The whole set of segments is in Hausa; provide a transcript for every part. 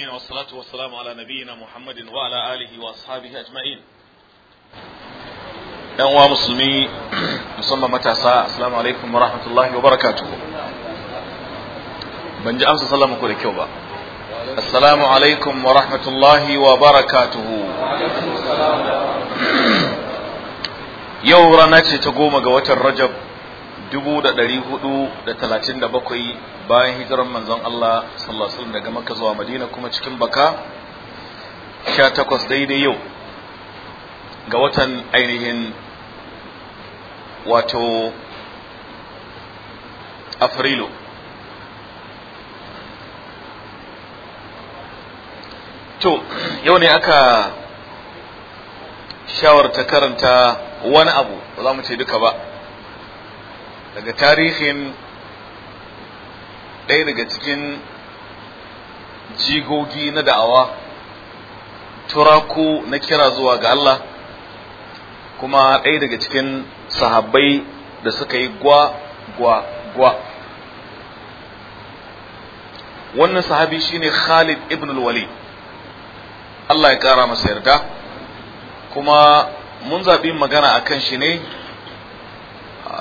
والصلاة والسلام على نبينا محمد وعلى آله وأصحابه أجمعين أنواع مسلمي musamman matasa assalamu wa rahmatullahi wa barakatuhu ban ji amsa sallama ku da kyau ba assalamu alaikum wa rahmatullahi wa barakatuhu yau rana ce ta goma ga watan rajab bakwai bayan hijiran manzon Allah sallallahu alaihi wasallam daga Makka zuwa Madina kuma cikin baka takwas daidai yau ga watan ainihin wato afrilu to yau ne aka shawarta karanta wani abu ba za mu ce duka ba daga tarihin ɗaya daga cikin jigogi na da'awa turaku na kira zuwa ga Allah kuma ɗaya daga cikin sahabbai da suka yi gwa gwa gwa wannan sahabi shine Khalid ibn al-Walid Allah ya kara masa yarda kuma mun zaɓi magana a kan shi ne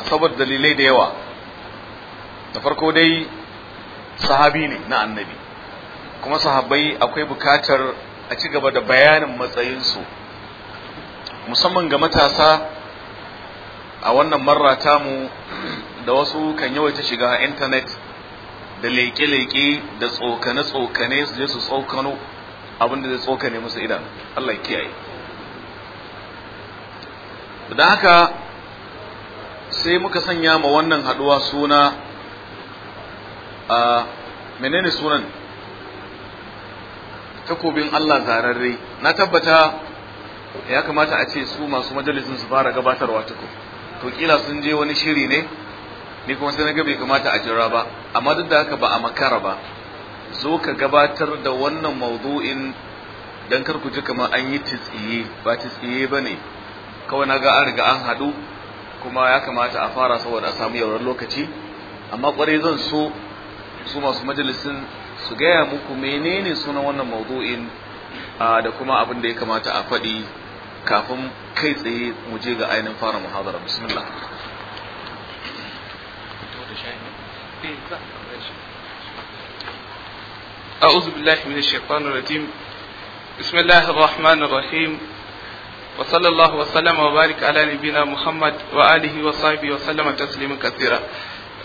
saboda dalilai da yawa da farko dai sahabi ne na annabi kuma sahabai akwai bukatar a ci gaba da bayanin matsayinsu musamman ga matasa a wannan marra tamu da wasu kan yawaita shiga intanet da leƙe-leƙe da tsokane-tsokane su je su tsokano abinda zai tsokane musu idan Allah kiyaye da haka sai muka sanya ma wannan haduwa suna a menene sunan takobin Allah zararre na tabbata ya kamata a ce su masu majalisun su fara gabatarwa tuku to kila sun je wani shiri ne ni kuma sai na bai kamata a jira ba amma duk da haka ba a makara ba zo ka gabatar da wannan maudu'in dan karku ji kamar an yi tsiye ba tsiye bane kawai na ga an riga an haɗu kuma ya kamata a fara saboda a samu yauran lokaci amma kwarai zan so su masu majalisin su gaya muku menene sunan wannan maudu'in da kuma abin da ya kamata a faɗi kafin kai tsaye mu je ga ainihin fara muhadara bismillah أعوذ بالله من الشيطان الرجيم بسم الله الرحمن الرحيم وصلى الله وسلم وبارك على نبينا محمد وآله وصحبه وسلم تسليما كثيرا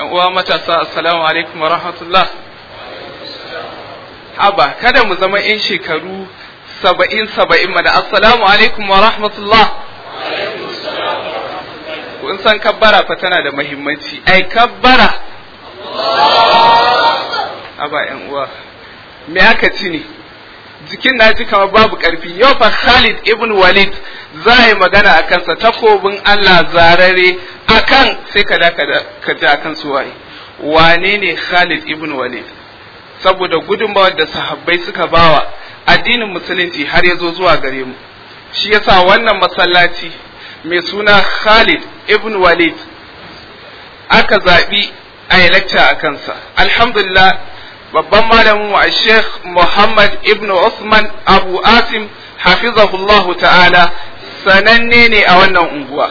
ومتى السلام عليكم ورحمة الله haba kada mu zama 'yan shekaru saba'in saba'in mana assalamu alaikum wa rahmatullah kun san kabbara fa tana da mahimmanci ai kabbara haba ne jikin na ji kamar babu karfi yau fa Khalid ibn Walid za a yi magana a kansa takobin Allah zarare a kan sai ka da ka ji akan su waye wane ne Khalid ibn Walid saboda gudunmawar da sahabbai suka bawa addinin musulunci har ya zo zuwa gare mu shi yasa wannan masallaci mai suna Khalid ibn Walid aka zaɓi a yi lacca a kansa alhamdulillah babban malamin wa Sheikh Muhammad ibn Usman Abu Asim hafizahullahu ta'ala sananne ne a wannan unguwa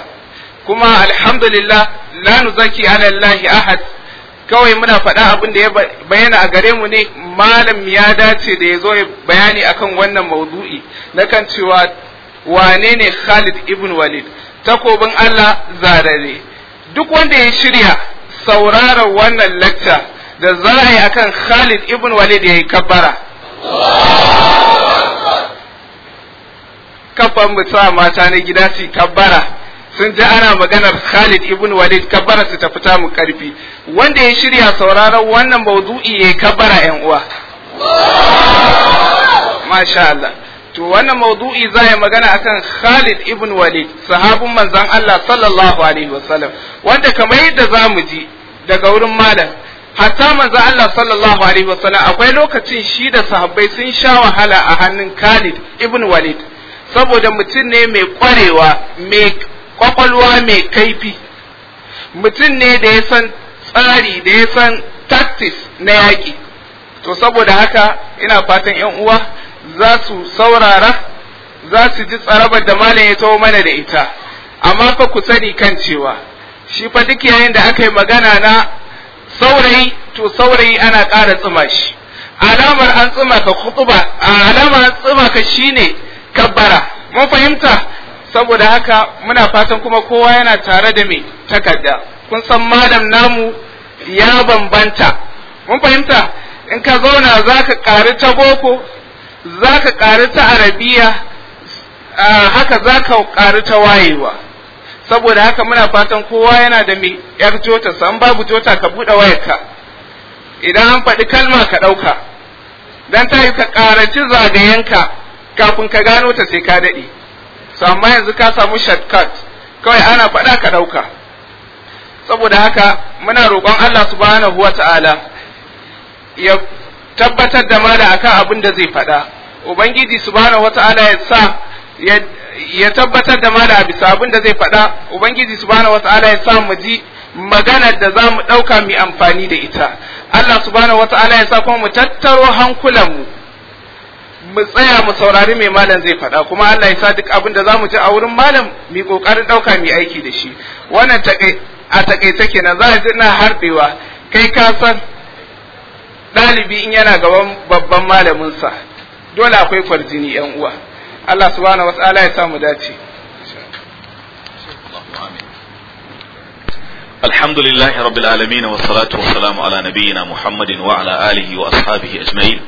kuma alhamdulillah la nuzaki ala allahi ahad kawai muna faɗa abin da ya bayyana a gare mu ne malam ya dace da ya zo ya bayani akan wannan maudu'i na kan cewa wane ne Khalid ibn Walid takobin Allah zarare duk wanda ya shirya sauraron wannan lacca da za a yi akan Khalid ibn Walid ya yi kabbara kafan mu sa mata na gida su kabbara sun ji ana maganar Khalid ibn Walid kabbara su ta fita mu karfi wanda ya shirya sauraron wannan mawdu'i ya kabbara yan uwa masha Allah to wannan mawdu'i za ya magana akan Khalid ibn Walid sahabun manzon Allah sallallahu alaihi wasallam wanda kamar yadda zamu ji daga wurin malam hatta manzon Allah sallallahu alaihi wasallam akwai lokacin shi da sahabbai sun sha wahala a hannun Khalid ibn Walid saboda mutum ne mai kwarewa mai kwakwalwa mai kaifi mutum ne da ya san tsari da ya san tactics na yaƙi to saboda haka ina fatan yan uwa za su saurara za su ji tsarabar da malam ya taho mana da ita amma fa ku sani kan cewa shi fa duk yayin da aka yi magana na saurayi to saurayi ana ƙara tsuma shi alamar an tsuma ka kutuba alamar an tsuma ka shine kabbara mun fahimta saboda haka muna fatan kuma kowa yana tare da mai takarda kun san madam namu ya bambanta mun fahimta in ka zauna za ka ta boko za ka ta arabiya haka zaka ka ta wayewa saboda haka muna fatan kowa yana da mai yar jota san babu jota ka buɗe wayarka idan an faɗi kalma ka ɗauka dan ta yi ka ƙaraci zagayenka kafin ka gano ta sai ka daɗe so amma yanzu ka samu shortcut kawai ana faɗa ka ɗauka saboda haka muna roƙon Allah subhanahu wa ta'ala ya tabbatar da mana akan abin da zai faɗa ubangiji subhanahu wa ta'ala ya sa ya tabbatar da mana bisa abin da zai faɗa ubangiji subhanahu wa ta'ala ya sa mu ji maganar da za mu ɗauka mu amfani da ita Allah subhanahu wa ta'ala ya sa kuma mu tattaro hankulanmu mu tsaya mu saurari mai malam zai faɗa kuma Allah ya sa duk abin da zamu ji a wurin malam mu kokarin dauka mu aiki da shi wannan take a takaice kenan za ji ina harbewa kai ka san ɗalibi in yana gaban babban malaminsa dole akwai kwarjini yan uwa Allah subhanahu wataala ya samu dace الحمد لله رب العالمين والصلاة والسلام على نبينا محمد وعلى آله وأصحابه أجمعين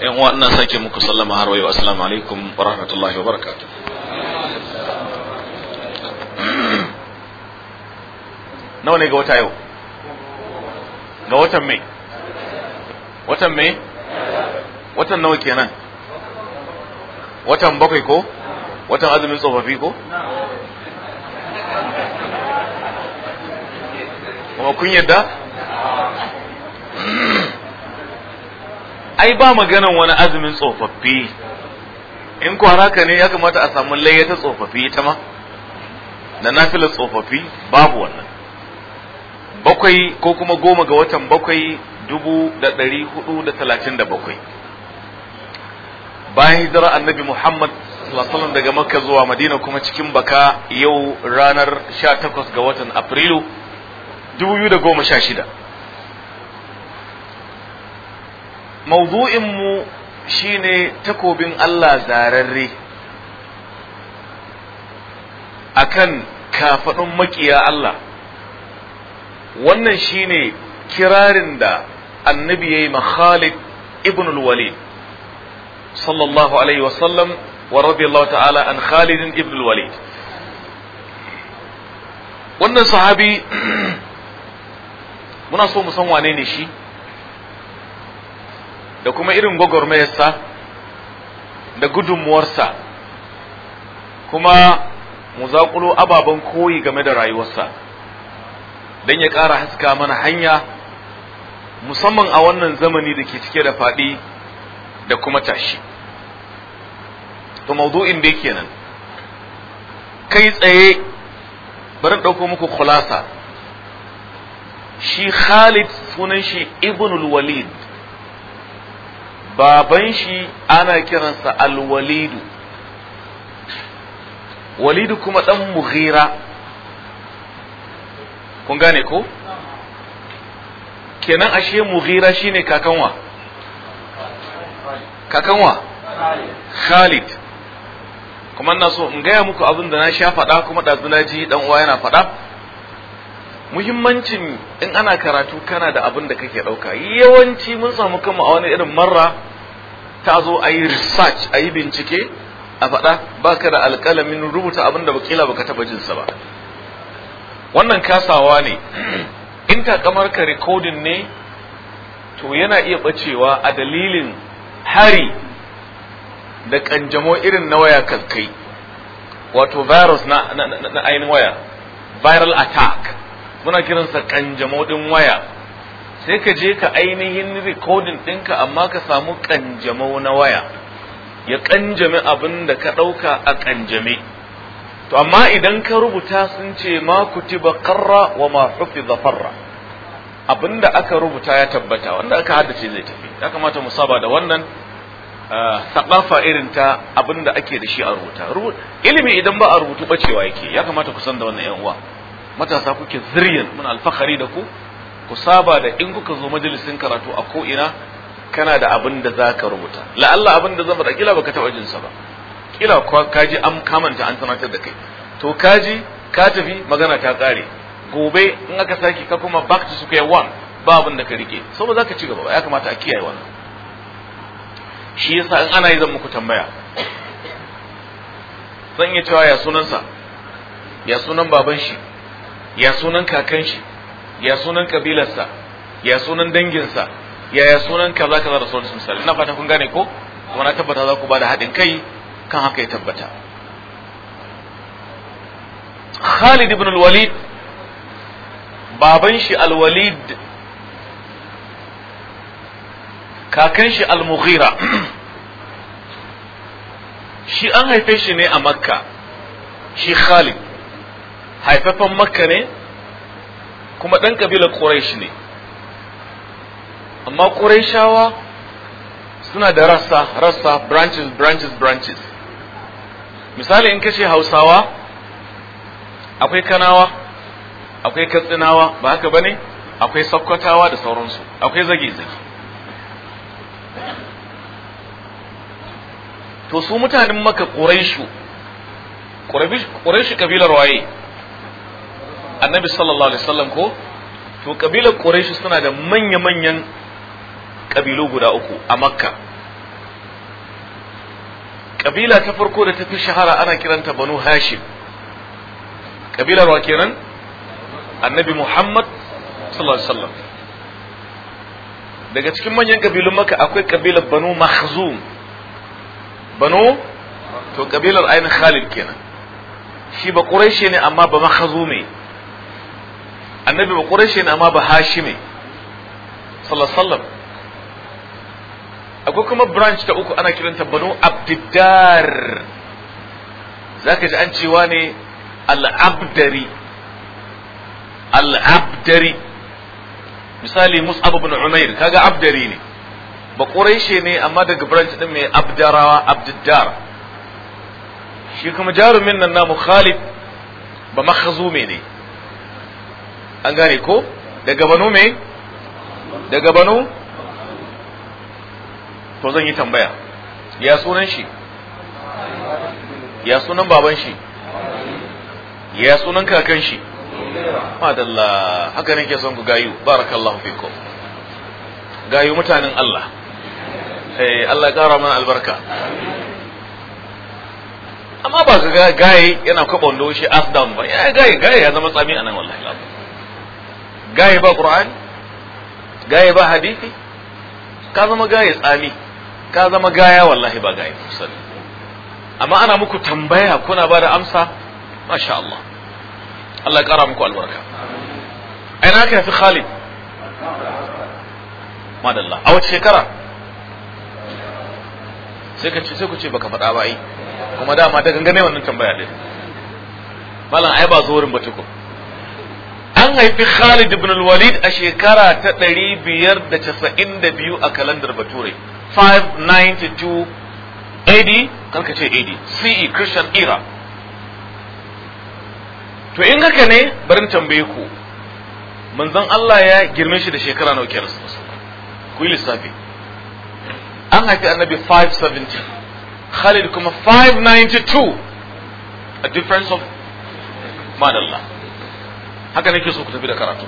yan uwa ina sake muku sallama har wayo assalamu alaikum wa rahmatullahi wa barakatuh nawa ne ga wata yau ga watan mai watan mai watan nawa kenan watan bakwai ko watan azumin tsofaffi ko kuma kun yadda ai ba maganan wani azumin tsofaffi in ko haka ne ya kamata a samu layya ta tsofaffi ita ma da nafilar tsofaffi babu wannan bakwai ko kuma goma ga watan bakwai dubu da ɗari hudu da talatin da bakwai bayan hijira annabi muhammad sallallahu daga makka zuwa madina kuma cikin baka yau ranar sha takwas ga watan afrilu shida. mu shine takobin Allah zararre akan kafaɗin makiya Allah wannan shine kirarin da annabi ya yi Khalid ibn al-Walid sallallahu alaihi wasallam wa radiyallahu ta'ala an Khalid ibn al-Walid wannan sahabi muna so mu san wane ne shi da kuma irin gwagwarmayarsa da gudunmuwarsa kuma mu zaƙulo ababen koyi game da rayuwarsa don ya ƙara haska mana hanya musamman a wannan zamani da ke cike da faɗi da kuma tashi to maudu'in da yake nan kai tsaye bari ɗauko muku kulasa shi khalid sunan shi ibnul walid baban shi ana kiransa alwalidu walidu kuma dan mughira kun gane ko kenan ashe mughira shine kakanwa kakanwa khalid kuma na so in gaya muku abin da na sha faɗa kuma ɗazu na ji ɗan uwa yana faɗa muhimmancin in ana karatu kana da abin da kake ɗauka yawanci mun samu kama a wani irin marra ta zo a yi research a yi bincike a faɗa ba ka da alƙalamin rubuta abin da bakila baka taɓa jinsa ba wannan kasawa ne in takamar ka rikodin ne to yana iya ɓacewa a dalilin hari da ƙanjamo irin na waya kai wato virus na ainihin waya viral attack muna kiransa kanjamau din waya sai ka je ka ainihin rikodin ɗinka amma ka samu kanjamau na waya ya kanjame abin da ka ɗauka a kanjame to amma idan ka rubuta sun ce ma kutiba qarra wa ma hufiza farra da aka rubuta ya tabbata wanda aka haddace zai tafi ya kamata mu saba da wannan ah, saɓafa irin ta abin da ake da shi a rubuta ilimi idan ba a rubutu bacewa yake ya kamata ku san da wannan yan uwa matasa kuke zuriyar mun alfahari da ku ku saba da in kuka zo majalisin karatu a ko ina kana da abin da za ka rubuta la'alla abin da zan faɗa kila baka taɓa jin sa ba kila kaji an kamanta an sanatar da kai to kaji ka tafi magana ta ƙare gobe in aka sake ka kuma back to square one ba abin da ka rike saboda za ka ci gaba ya kamata a kiyaye wannan shi yasa in ana yi zan muku tambaya zan iya cewa ya sunansa ya sunan baban shi ya sunan kakan shi ya sunan kabilarsa ya sunan danginsa ya ya sunan kaza kaza da sunan misali ina fata kun gane ko kuma na tabbata za ku bada haɗin kai kan haka ya tabbata Khalid ibn al-Walid baban shi al-Walid kakan shi al-Mughira shi an haife shi ne a Makka shi Khalid haifafan makka ne kuma ɗan ƙabilar ƙuraish ne amma ƙuraishawa suna da rassa rassa branches branches branches misali in kashe hausawa akwai kanawa akwai katsinawa ba haka bane akwai sakkwatawa da sauransu akwai zage-zage to su mutanen maka ƙuraishu ƙuraishu ƙabilar waye annabi sallallahu alaihi wasallam ko to kabilar quraish suna da manya-manyan kabilu guda uku a makka kabila ta farko da ta fi shahara ana kiranta banu hashim kabilar wa kenan annabi muhammad sallallahu alaihi wasallam daga cikin manyan kabilun maka akwai kabilar banu mahzum banu to kabilar ainihin khalid kenan shi ba ƙurai ne amma ba mahzumi annabi ba ƙurashi ne amma ba Hashimi sallallahu akwai kuma branch ta uku ana kiranta banu abdiddar zaka ji an cewa ne al-abdari al-abdari misali mus'ab ibn umair kaga abdari ne ba ƙurashi ne amma daga branch din mai abdarawa abdiddar shi kuma jarumin nan namu khalid ba makhzume ne an gane ko daga banu me daga banu to zan yi tambaya ya sunan shi ya sunan baban shi ya sunan kakan shi madalla haka nake son ku gayu barakallahu fikum gayu mutanen Allah eh Allah kara mana albarka amma ba ga gaye yana kwaba wando shi asdam ba ya gaye gaye ya zama tsami anan wallahi gaye ba ƙur'ani, gaye ba hadisi ka zama gaye tsami ka zama gaya wallahi ba gaye musulmi amma ana muku tambaya kuna ba da amsa masha Allah Allah ya ƙara muku albarka A aina aka fi Khalid madalla a wace shekara sai ka ce sai ku ce baka faɗa ba yi. kuma dama ta gangane wannan tambaya din malam ai ba zuwurin ba tukun an haifi Khalid ibn al-Walid a shekara ta 592 a kalandar Bature 592 AD karka ce AD CE Christian era to in haka ne barin tambaye ku manzon Allah ya girme shi da shekara nawa kenan ku yi lissafi an haifi annabi 570 Khalid kuma 592 a difference of madallah haka nake so ku tafi da karatu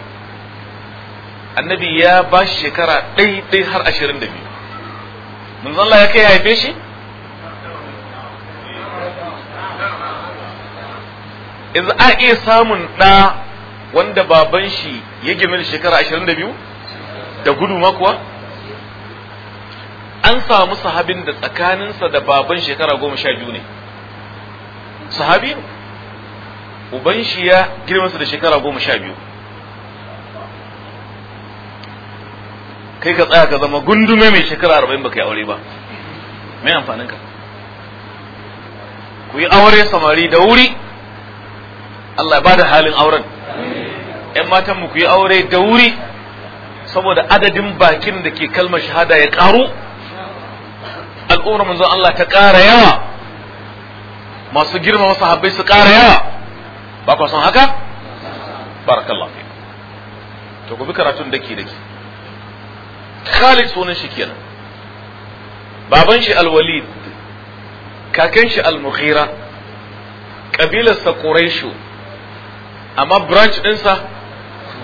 annabi ya ba shi shekara ɗai har ashirin da biyu manzon Allah ya kai haife shi idan a iya samun ɗa wanda baban shi ya gimi shekara ashirin da biyu da gudu ma kuwa an samu sahabin da tsakaninsa da baban shekara goma sha biyu ne sahabi uban shi ya girmansa da shekara goma sha biyu kai ka tsaya ka zama gundume mai shekara arba'in baka aure ba mai amfaninka ku yi aure samari da wuri Allah ba halin auren ‘yan matanmu ku yi aure da wuri saboda adadin bakin da ke kalmar shahada ya ƙaru al'ummar manzon Allah ta ƙara yawa masu girma masu su ƙara yawa ba ku san haka barakallahu fi to bi karatun dake dake Khalid sunan shi kenan baban shi al-Walid kakan shi al-Mughira kabilar sa Quraishu amma branch dinsa.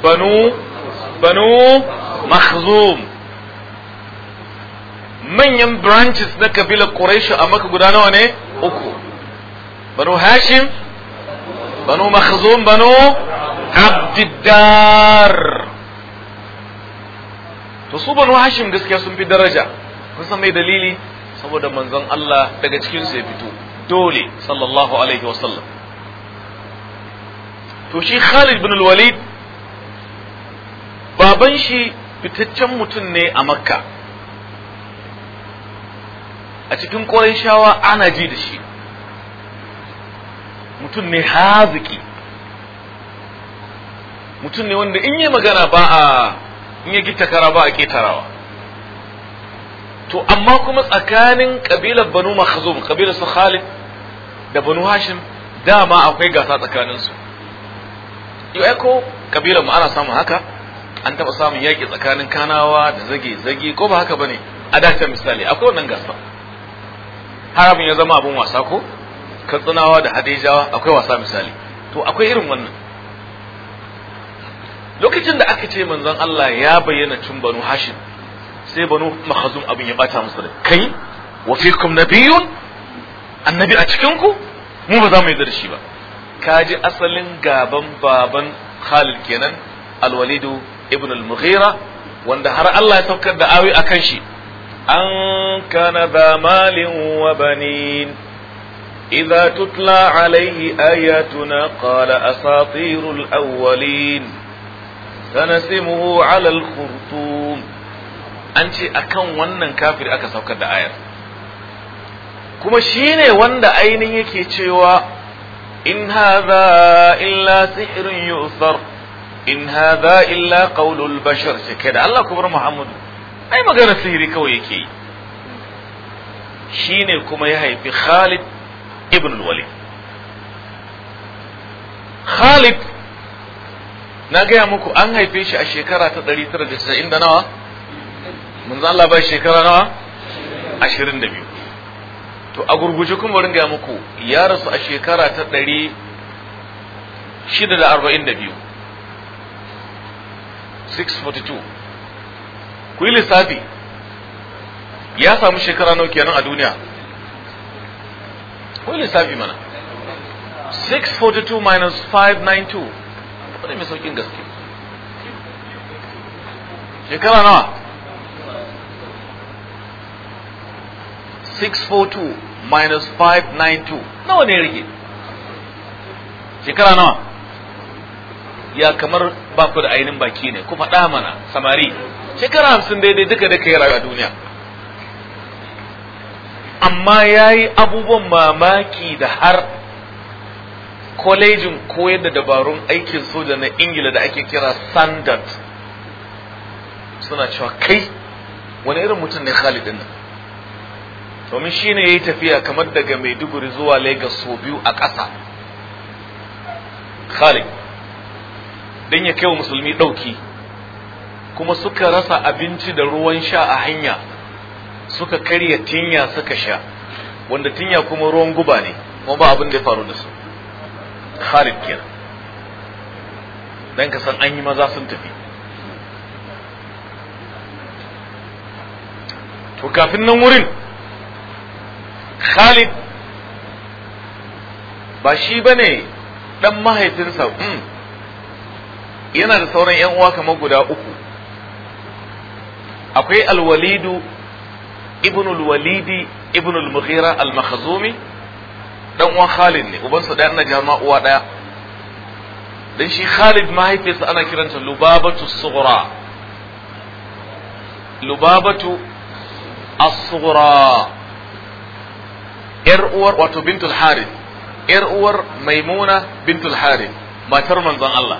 banu banu Makhzum manyan branches na kabilar Quraishu a maka guda nawa ne uku banu Hashim banu makhzum banu abdiddar to su banu hashim gaskiya sun fi daraja kun san mai dalili saboda manzon Allah daga cikin su ya fito dole sallallahu alaihi sallam. to shi Khalid bin Walid baban shi fitaccen mutum ne a Makka a cikin Qurayshawa ana ji da shi mutum ne haziki mutum ne wanda in yi magana ba a in yi gita kara ba a ketarawa to amma kuma tsakanin kabilar banu makhzum kabilar su khalid da banu hashim dama akwai gasa tsakaninsu yau ko kabilar mu ana samun haka an taɓa samun yaƙi tsakanin kanawa da zage-zage ko ba haka ba ne a dace misali akwai wannan gasa har abin ya zama abin wasa ko katsinawa da hadejawa akwai wasa misali to akwai irin wannan lokacin da aka ce manzon Allah ya bayyana cin banu hashim sai banu makhazum abin ya bata musu da kai wa fikum nabiyyun annabi a cikin ku mu ba za mu yi da shi ba kaji asalin gaban baban Khalid kenan al-Walidu ibn al-Mughira wanda har Allah ya saukar da awi akan shi an kana ba malin wa banin إذا تتلى عليه آياتنا قال أساطير الأولين سنسمه على الخرطوم أنت wannan ونن كافر أكسوك الدعاية kuma shi wanda ainihin yake cewa in haza illa sihirin yusar in haza illa qaulul bashar shike da Allah Muhammadu ai magana sihiri kawai yake yi shine kuma ya haifi Khalid ibn al-walid na gaya muku an haife shi a shekara ta 990 da nawa manzo Allah ba shekara nawa 22 to a gurguje kuma rin gaya muku ya rasu a shekara ta 642 642 ku yi lissafi ya samu shekara nawa kenan a duniya ko lissafi mana 642 minus 592 wadda mai saukin gaske shekara nawa 642 minus 592 nawa ne rike shekara nawa ya kamar ba da ainihin baki ne kuma ɗa mana samari shekara 50 daidai duka da ka yi rayuwa duniya amma ya yi abubuwan mamaki da har kwalejin koyar da dabarun aikin soja na ingila da ake kira sandard suna cewa kai wani irin mutum ne khalidin nan domin shi ne ya yi tafiya kamar daga maiduguri zuwa lagos sau biyu a ƙasa khalid don ya kai wa musulmi ɗauki kuma suka rasa abinci da ruwan sha a hanya suka karya tinya suka sha wanda tinya kuma ruwan guba ne kuma ba abin da ya faru da su Khalid kenan dan ka san an yi maza sun tafi to kafin nan wurin Khalid ba shi bane dan mahaifinsa hmm, yana da sauran yan uwa kamar guda uku akwai alwalidu ibn al-walidi ibn al-mughira al-makhzumi dan uwan Khalid ne ubansa ɗaya na jama uwa ɗaya dan shi Khalid mahaifinsa ana kiranta Lubabatu Sughra Lubabatu As-Sughra ‘yar uwar wato bintul Harith ‘yar uwar Maimuna bintul Harith matar manzon Allah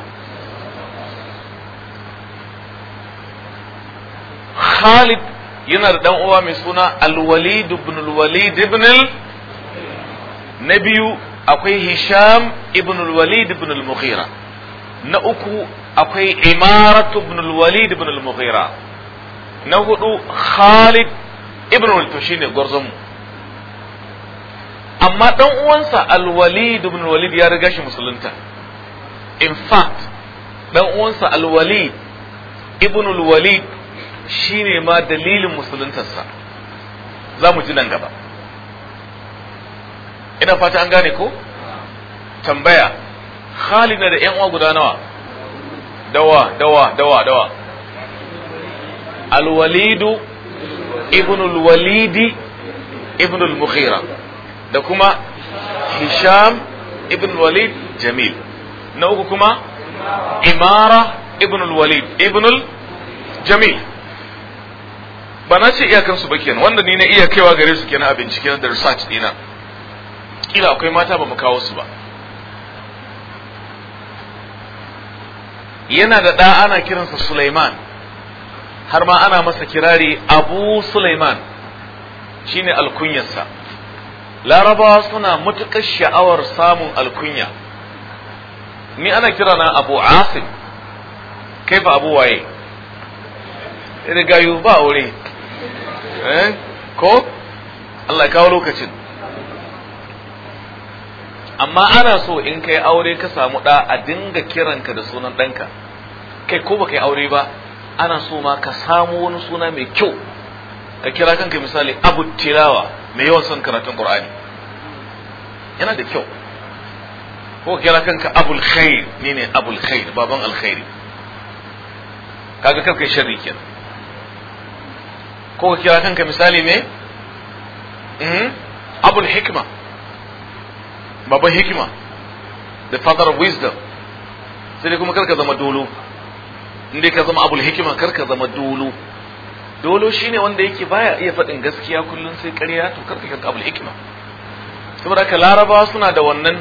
Khalid yana da dan uwa mai suna al-walid ibn al-walid ibn al na biyu akwai hisham ibn al-walid ibn al-mughira na uku akwai imaratu ibn al-walid ibn al-mughira na hudu khalid ibn al shine gurzum amma dan uwansa al-walid ibn al-walid ya riga shi musulunta in fact dan uwansa al-walid ibn al-walid Shi ne ma dalilin musuluntarsa za mu ji nan gaba ina fata an gane ko tambaya halina da yan uwa guda nawa dawa dawa dawa dawa alwalidu ibnul walidi ibnul mukhira da kuma hisham ibn walid jamil na uku kuma imara ibnul walid ibnul jamil ba na ce iyakansu ba kenan wanda ni na iya kaiwa gare su kenan a bincike da research dina kila akwai mata ba mu kawo su ba yana da ɗa ana kiransa Sulaiman har ma ana masa kirari Abu Sulaiman shine alkunyarsa larabawa suna matuƙar sha'awar samun alkunya ni ana kira na Abu Asim kai ba Abu waye rigayu ba aure Eh? ko Allah kawo lokacin amma ana so in kai aure ka samu ɗa a dinga kiranka da sunan ɗanka kai ko ba kai aure ba ana so ma ka samu wani suna mai kyau ka kira kanka misali abu tilawa mai yawan son karatun qur'ani yana da kyau ko kira kanka abul khair ne ne abul khair baban alkhairi kaga kanka sharri kenan ko ka kira kanka misali ne hmm? abul hikima babban hikima the father of wisdom sai dai kuma karka zama dolo inda ka zama abul hikima karka zama dolo dolo shine wanda yake baya iya faɗin gaskiya kullum sai ƙarya to karka karka abul hikima saboda ka laraba suna da wannan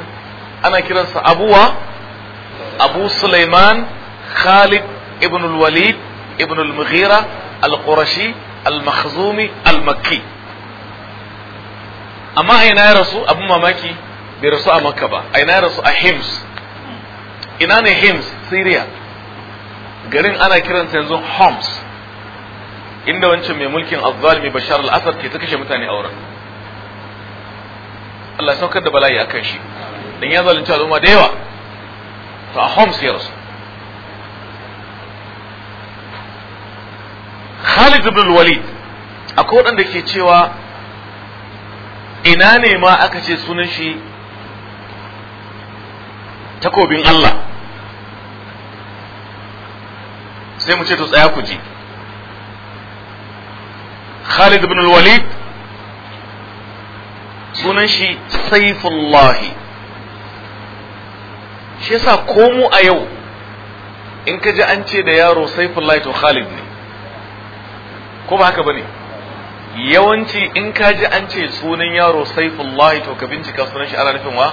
ana kiransa abuwa abu sulaiman khalid ibn walid ibn al-mughira al-qurashi al-makhzumi al-makki amma a ina ya rasu abin mamaki bai rasu a makka ba aina ina ya rasu a hims ina ne hims syria garin ana kiransa yanzu homs inda wancan mai mulkin azzalimi bashar al-asad ke ta kashe mutane a wurin Allah saukar da bala'i akan shi dan ya zalunci al'umma da yawa to a homs ya rasu Khalid ibn Walid akwai waɗanda ke cewa ina ne ma aka ce sunan shi takobin Allah sai mu ce to tsaya ku ji Khalid ibn Walid sunan shi Saifullahi shi yasa komo a yau in ka ji an ce da yaro Saifullahi to Khalid ne ko ba haka bane yawanci in ka ji an ce sunan yaro saifullahi to ka bincika sunan shi ana nufin wa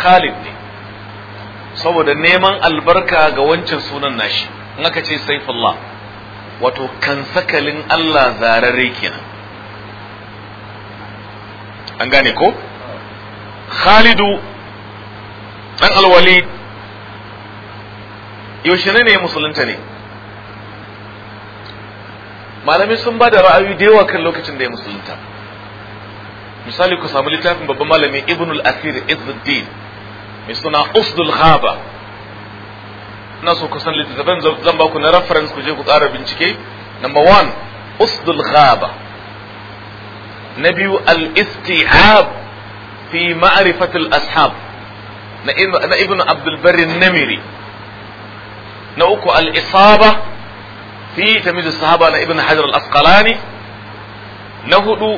khalid ne saboda neman albarka ga wancan sunan nashi in aka ce saifullah wato kan sakalin Allah zarare kenan an gane ko khalidu dan alwali yaushe ne musulunta ne malamai sun ba da ra'ayi da yawa kan lokacin da ya musulunta misali ku samu littafin babban malami ibn al-asir izzuddin mai suna usdul haba? ina so ku san littafin zan ba ku na reference ku je ku tsara bincike number one usdul haba. na biyu al-isti'ab fi ma'rifatil ashab na ibn abdul Bari namiri na uku al-isaba fi miji sahaba na ibn hajar al-asqalani na hudu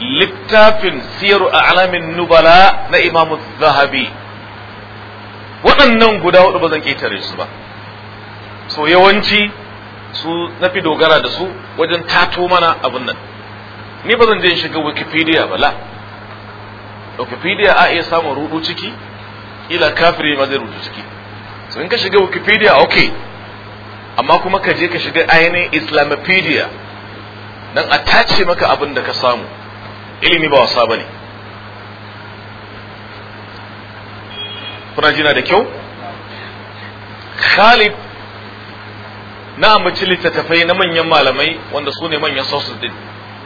littafin siyar a alamin nubala na imamu zahabi waɗannan guda hudu ba zan ƙetare su ba so yawanci su na fi dogara da su wajen tato mana abin nan ni ba zan je shiga wikipedia ba wikipedia a iya samun rudu ciki ila kafiri ma zai rudu ciki so in shiga wikipedia okay amma kuma ka je ka shiga ainihin islamopedia don a tace maka abin da ka samu ilimi ba wasa ba ne kuna jina da kyau khalid na ambaci littattafai na manyan malamai wanda su ne manyan sources din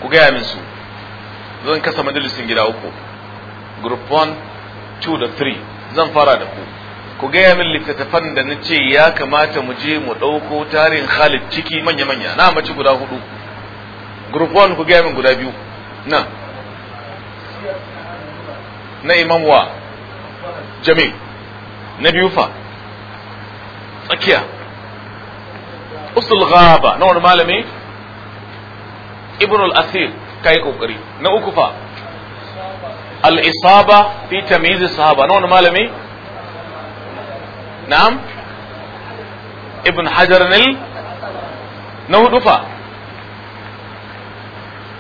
ku gaya min su zan kasa majalisin gida uku group 1 2 da 3 zan fara da ku ku gaya min littattafan da na ce ya kamata mu je mu ɗauko tarin Khalid ciki manya-manya na mace guda hudu group 1 ku gaya min guda biyu na na imam wa jamil na biyu fa tsakiya usul ghaba na wani malami ibn al-asir kai kokari na uku fa al-isaba fi tamyiz sahaba na wani malami na'am ibn hajar nil na hudu fa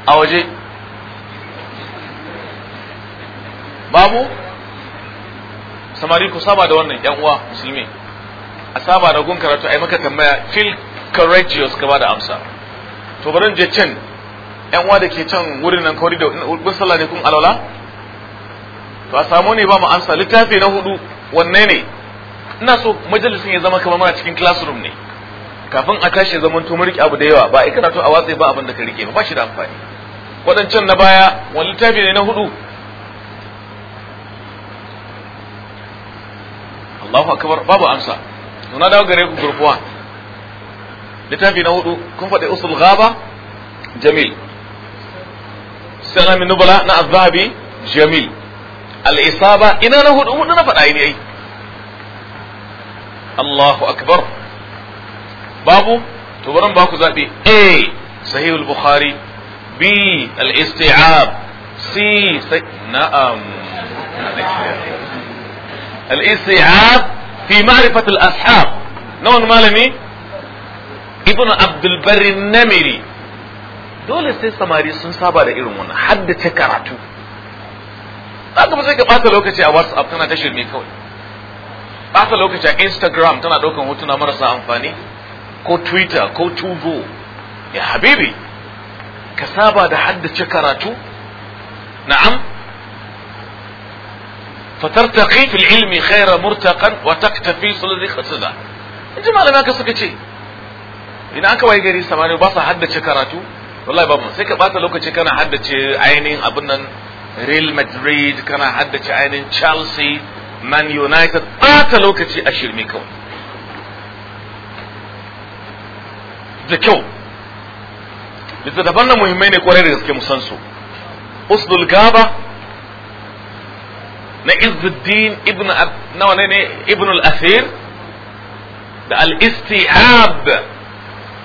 a waje babu samari ku saba da wannan yan uwa musulmi a saba da gun karatu ai maka tambaya feel courageous ka bada amsa to bari je can yan uwa da ke can wurin nan kawai da kun sallah ne kun alwala to a samu ne ba mu amsa littafi na hudu wanne ne ina so majalisin ya zama kamar muna cikin classroom ne kafin a tashi zaman to mu rike abu da yawa ba ai karatu a watsa ba abin da ka rike ba shi da amfani wadancan na baya wani littafi ne na hudu Allahu akbar babu amsa to na dawo gare ku 1 littafi na hudu kun faɗi usul ghaba jamil sanamin nubala na azhabi jamil al-isaba ina na hudu hudu na faɗa ne ai الله أكبر بابو تبرم باكو ذاتي A صحيح البخاري B الاستيعاب C سي... نعم الاستيعاب في معرفة الأصحاب نون مالمي ابن عبد البر النمري dole sai samari sun saba da irin wannan hadda ta karatu za ka ba sai ka baka lokaci a whatsapp kana tashin me kawai ɓata lokaci a instagram tana ɗaukan hotuna marasa amfani ko twitter ko tugo ya habibi ka saba da haddace karatu na'am fatartaqi fil ilmi khaira murtaqan wa taktafi sulzi khasada inji malama ka suka ce ina aka waye gari samani ba sa haddace karatu wallahi babu sai ka bata lokaci kana haddace ainihin abin nan Real Madrid kana haddace ainihin Chelsea man united ɓata lokaci a shirme kawai da kyau littattafan na muhimmai ne kwarai da gaske musansu. su usdul gaba na izzuddin ibn ibn al-asir da al istihab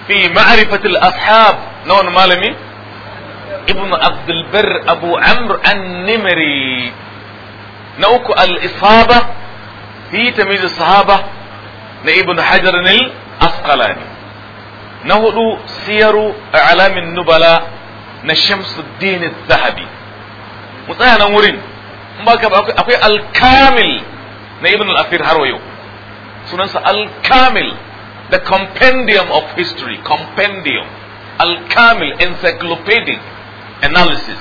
fi ma'rifat ashab na wani malami ibn abdulbar abu amr an-nimri na uku al-isaba fi sahaba na ibn hajar al asqalani na hudu siyaru alamin nubala na shamsuddin zahabi mu tsaya nan wurin in baka akwai al na ibn al har yau sunansa al the compendium of history compendium al-kamil encyclopedic analysis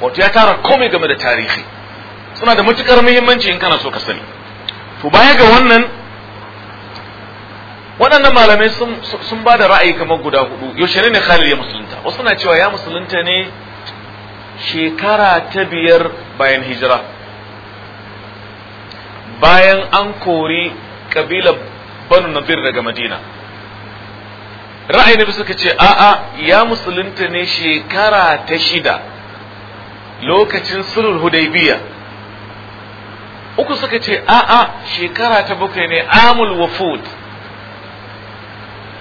wato ya tara komai game da tarihi suna da matukar muhimmanci in kana so ka sani to baya ga wannan waɗannan malamai sun ba da ra'ayi kamar guda hudu yaushe ne Khalil ya musulunta wasu na cewa ya musulunta ne shekara ta biyar bayan hijira bayan an kori kabilar banu nadir daga madina ra'ayi na suka ce a'a ya musulunta ne shekara ta shida lokacin sulhul biya. uku suka ce a'a shekara ta bakwai ne amul wafud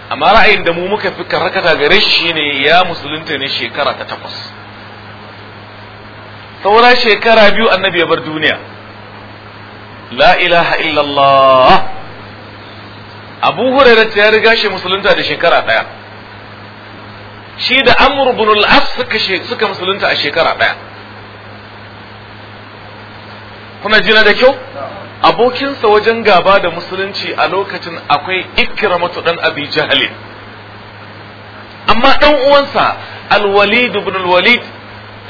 amma ra'ayin da mu muka fi karkata gare shi ne ya musulunta ne shekara ta takwas saura shekara biyu annabi ya bar duniya la ilaha illallah abu hurairar ya riga shi musulunta da shekara ɗaya shi da amur bin al suka musulunta a shekara ɗaya kuna jina da kyau abokinsa wajen gaba da musulunci a lokacin akwai ikramatu dan abi jahalin amma dan uwansa alwalid ibn alwalid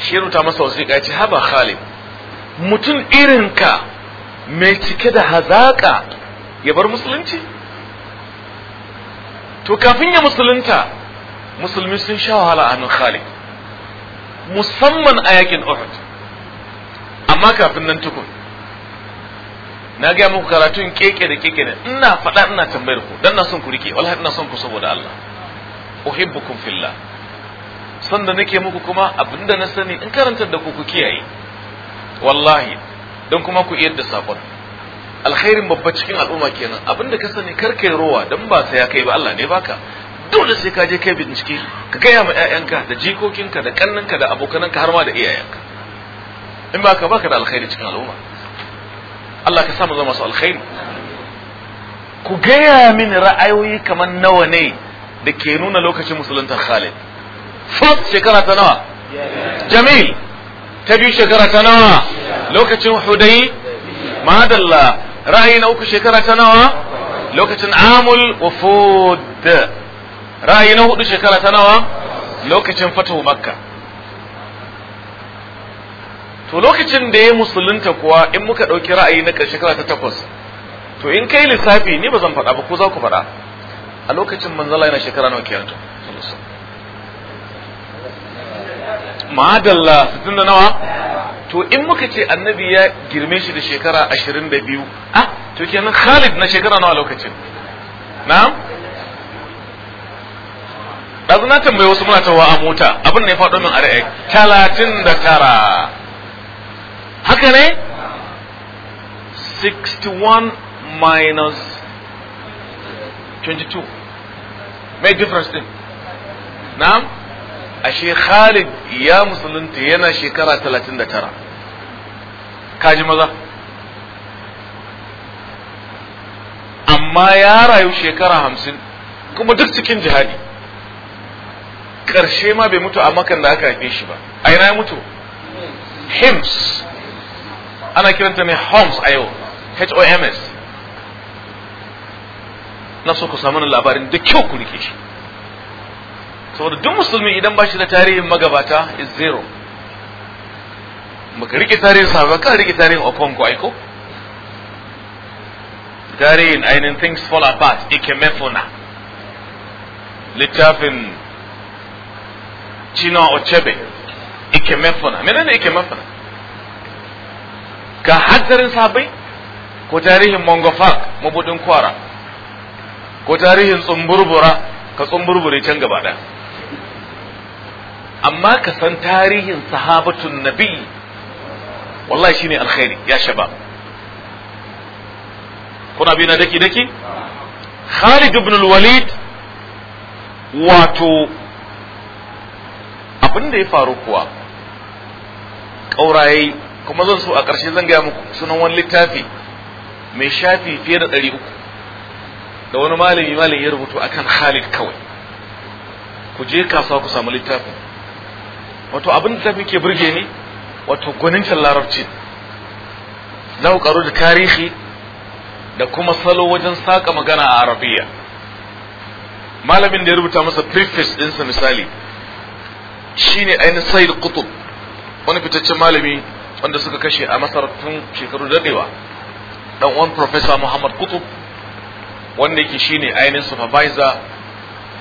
shi ruta masa wasiƙa ce haba khalid mutum irinka mai cike da hazaƙa ya bar musulunci to kafin ya musulunta musulmi sun sha wahala a hannun khalid musamman a yakin uhud amma kafin nan tukun na gaya muku karatun keke da keke ne ina faɗa ina tambayar ku dan na son ku rike wallahi ina son ku saboda Allah uhibbukum fillah san da nake muku kuma abinda na sani in karantar da ku ku kiyaye wallahi dan kuma ku iya da sakon alkhairin babba cikin al'umma kenan abinda ka sani kar kai rowa dan ba sai ya kai ba Allah ne baka dole sai ka je kai bincike ka gaya ma 'ya'yanka da jikokinka da kannanka da abokananka har ma da iyayenka in baka baka da alkhairi cikin al'umma Allah ka samu zama masu alkhairi ku gaya min ra'ayoyi kamar nawa ne da ke nuna lokacin musuluntar Khalid Fat shekara ta nawa Jamil ta biyu shekara ta nawa lokacin Hudai madalla ra'ayi na uku shekara ta nawa lokacin Amul Wafud ra'ayi na hudu shekara ta nawa lokacin Fatahu Makka to lokacin da ya musulunta kuwa in muka ɗauki ra'ayi na ƙarshe kara ta takwas to in kai lissafi ni ba zan faɗa ba ko za ku faɗa a lokacin manzala yana shekara nawa kenan to madalla sittin da nawa to in muka ce annabi ya girme shi da shekara ashirin da biyu ah to kenan khalid na shekara nawa lokacin na'am ɗazu na tambaye wasu muna tawa a mota abin da ya faɗo min a talatin da tara haka ne 61 minus 22 mai difference din na'am ashe Khalid ya musulunta yana shekara 39 kaji maza amma ya rayu shekara 50 kuma duk cikin jihadi ƙarshe ma bai mutu a makan da aka haife shi ba a ina ya mutu hims ana kiranta ne homs a yau homs na so ku samu labarin da kyau ku rike shi saboda duk musulmi idan ba shi da tarihin magabata is zero baka rike tarihin sahabba kan rike tarihin okonko aiko tarihin ainihin things fall apart ike ikemefuna littafin cina ochebe ikemefuna menene mefuna? ga hadarin sahabbai ko tarihin mongofak mabudin kwara ko tarihin tsumburbura ka tsumburbure can gaba ɗaya amma ka san tarihin sahabatun nabi wallahi shine alkhairi ya shabab kuna bi na daki daki Khalid ibn al-Walid wato abin da ya faru kuwa ƙauraye kuma zan so a ƙarshe zan gaya muku sunan wani littafi mai shafi fiye da ɗari uku da wani malami malami ya a akan Khalid kawai ku je kasuwa ku samu littafin wato abin da tafi ke burge ni wato gwanintar larabci za ku karu da tarihi da kuma salo wajen saka magana a arabiya malamin da ya rubuta masa preface ɗinsa misali shine ainihin said kutub wani fitaccen malami wanda suka kashe a masar tun shekaru dadewa dan uwan professor Muhammad Kutub wanda yake shine ainihin supervisor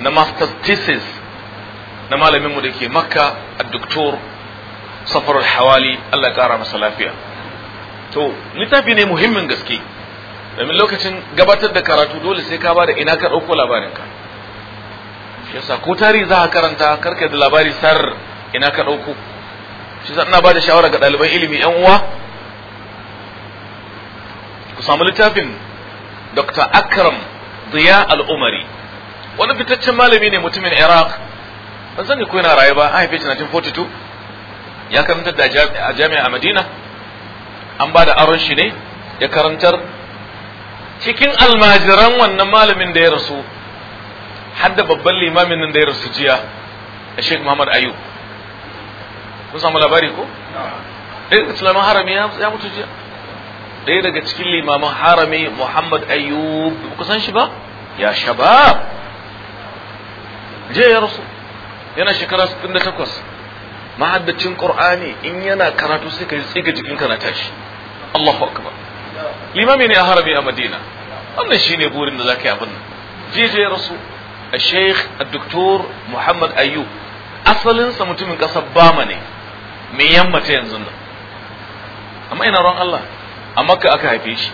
na master's thesis na malaminmu da ke makka a doktor safar hawali Allah ya kara masa lafiya to littafi ne muhimmin gaske domin lokacin gabatar da karatu dole sai ka ba da ina ka ɗauko labarinka yasa ko tari za a karanta karka da labari sar ina ka ɗauko shi ina ba da shawara ga ɗaliban ilimi yan uwa ku samu littafin dr akram diya umari wani fitaccen malami ne mutumin iraq ban sani ko yana raye ba a haife 1942 ya karantar da a jami'a madina an ba da aron shi ne ya karantar cikin almajiran wannan malamin da ya rasu hadda babban limamin nan da ya rasu jiya a shek muhammad ayub kun samu labari ko ɗaya daga cikin harami ya mutu jiya ɗaya daga cikin limamin harami muhammad ayyub ku san shi ba ya shabab je ya rasu yana shekara 68 mahaddacin qur'ani in yana karatu sai ka tsiga jikin na tashi Allahu akbar limami ne a harami a madina wannan shine burin da zaka yi abin je je ya rasu الشيخ الدكتور محمد أيوب asalinsa mutumin ƙasar bama me ta yanzu nan amma ina ran Allah a makka aka haife shi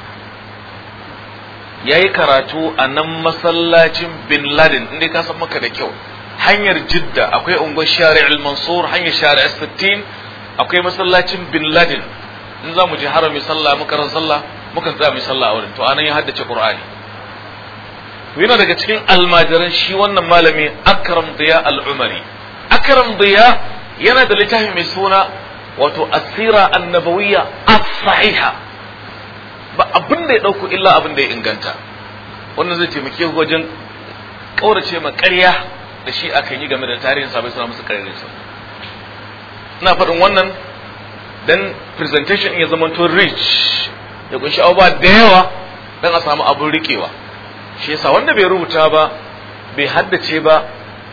yayi karatu a nan masallacin bin laden inda ka san maka da kyau hanyar jidda akwai unguwar shari al-mansur hanyar shari al-sittin akwai masallacin bin laden in za mu je harami sallah muka ran sallah muka tsaya mu sallah a wurin to anan ya haddace qur'ani to yana daga cikin almajiran shi wannan malami akram diya al-umari akram diya yana da littafi mai suna wato asira annabawiyya as-sahiha ba abin da ya dauko illa abin da ya inganta wannan zai taimake ku wajen kaurace ma ƙarya da shi kan yi game da tarihin sabai suna musu ƙarya su ina faɗin wannan dan presentation ya zama to rich ya kunshi abubuwa da yawa dan a samu abun rikewa shi yasa wanda bai rubuta ba bai haddace ba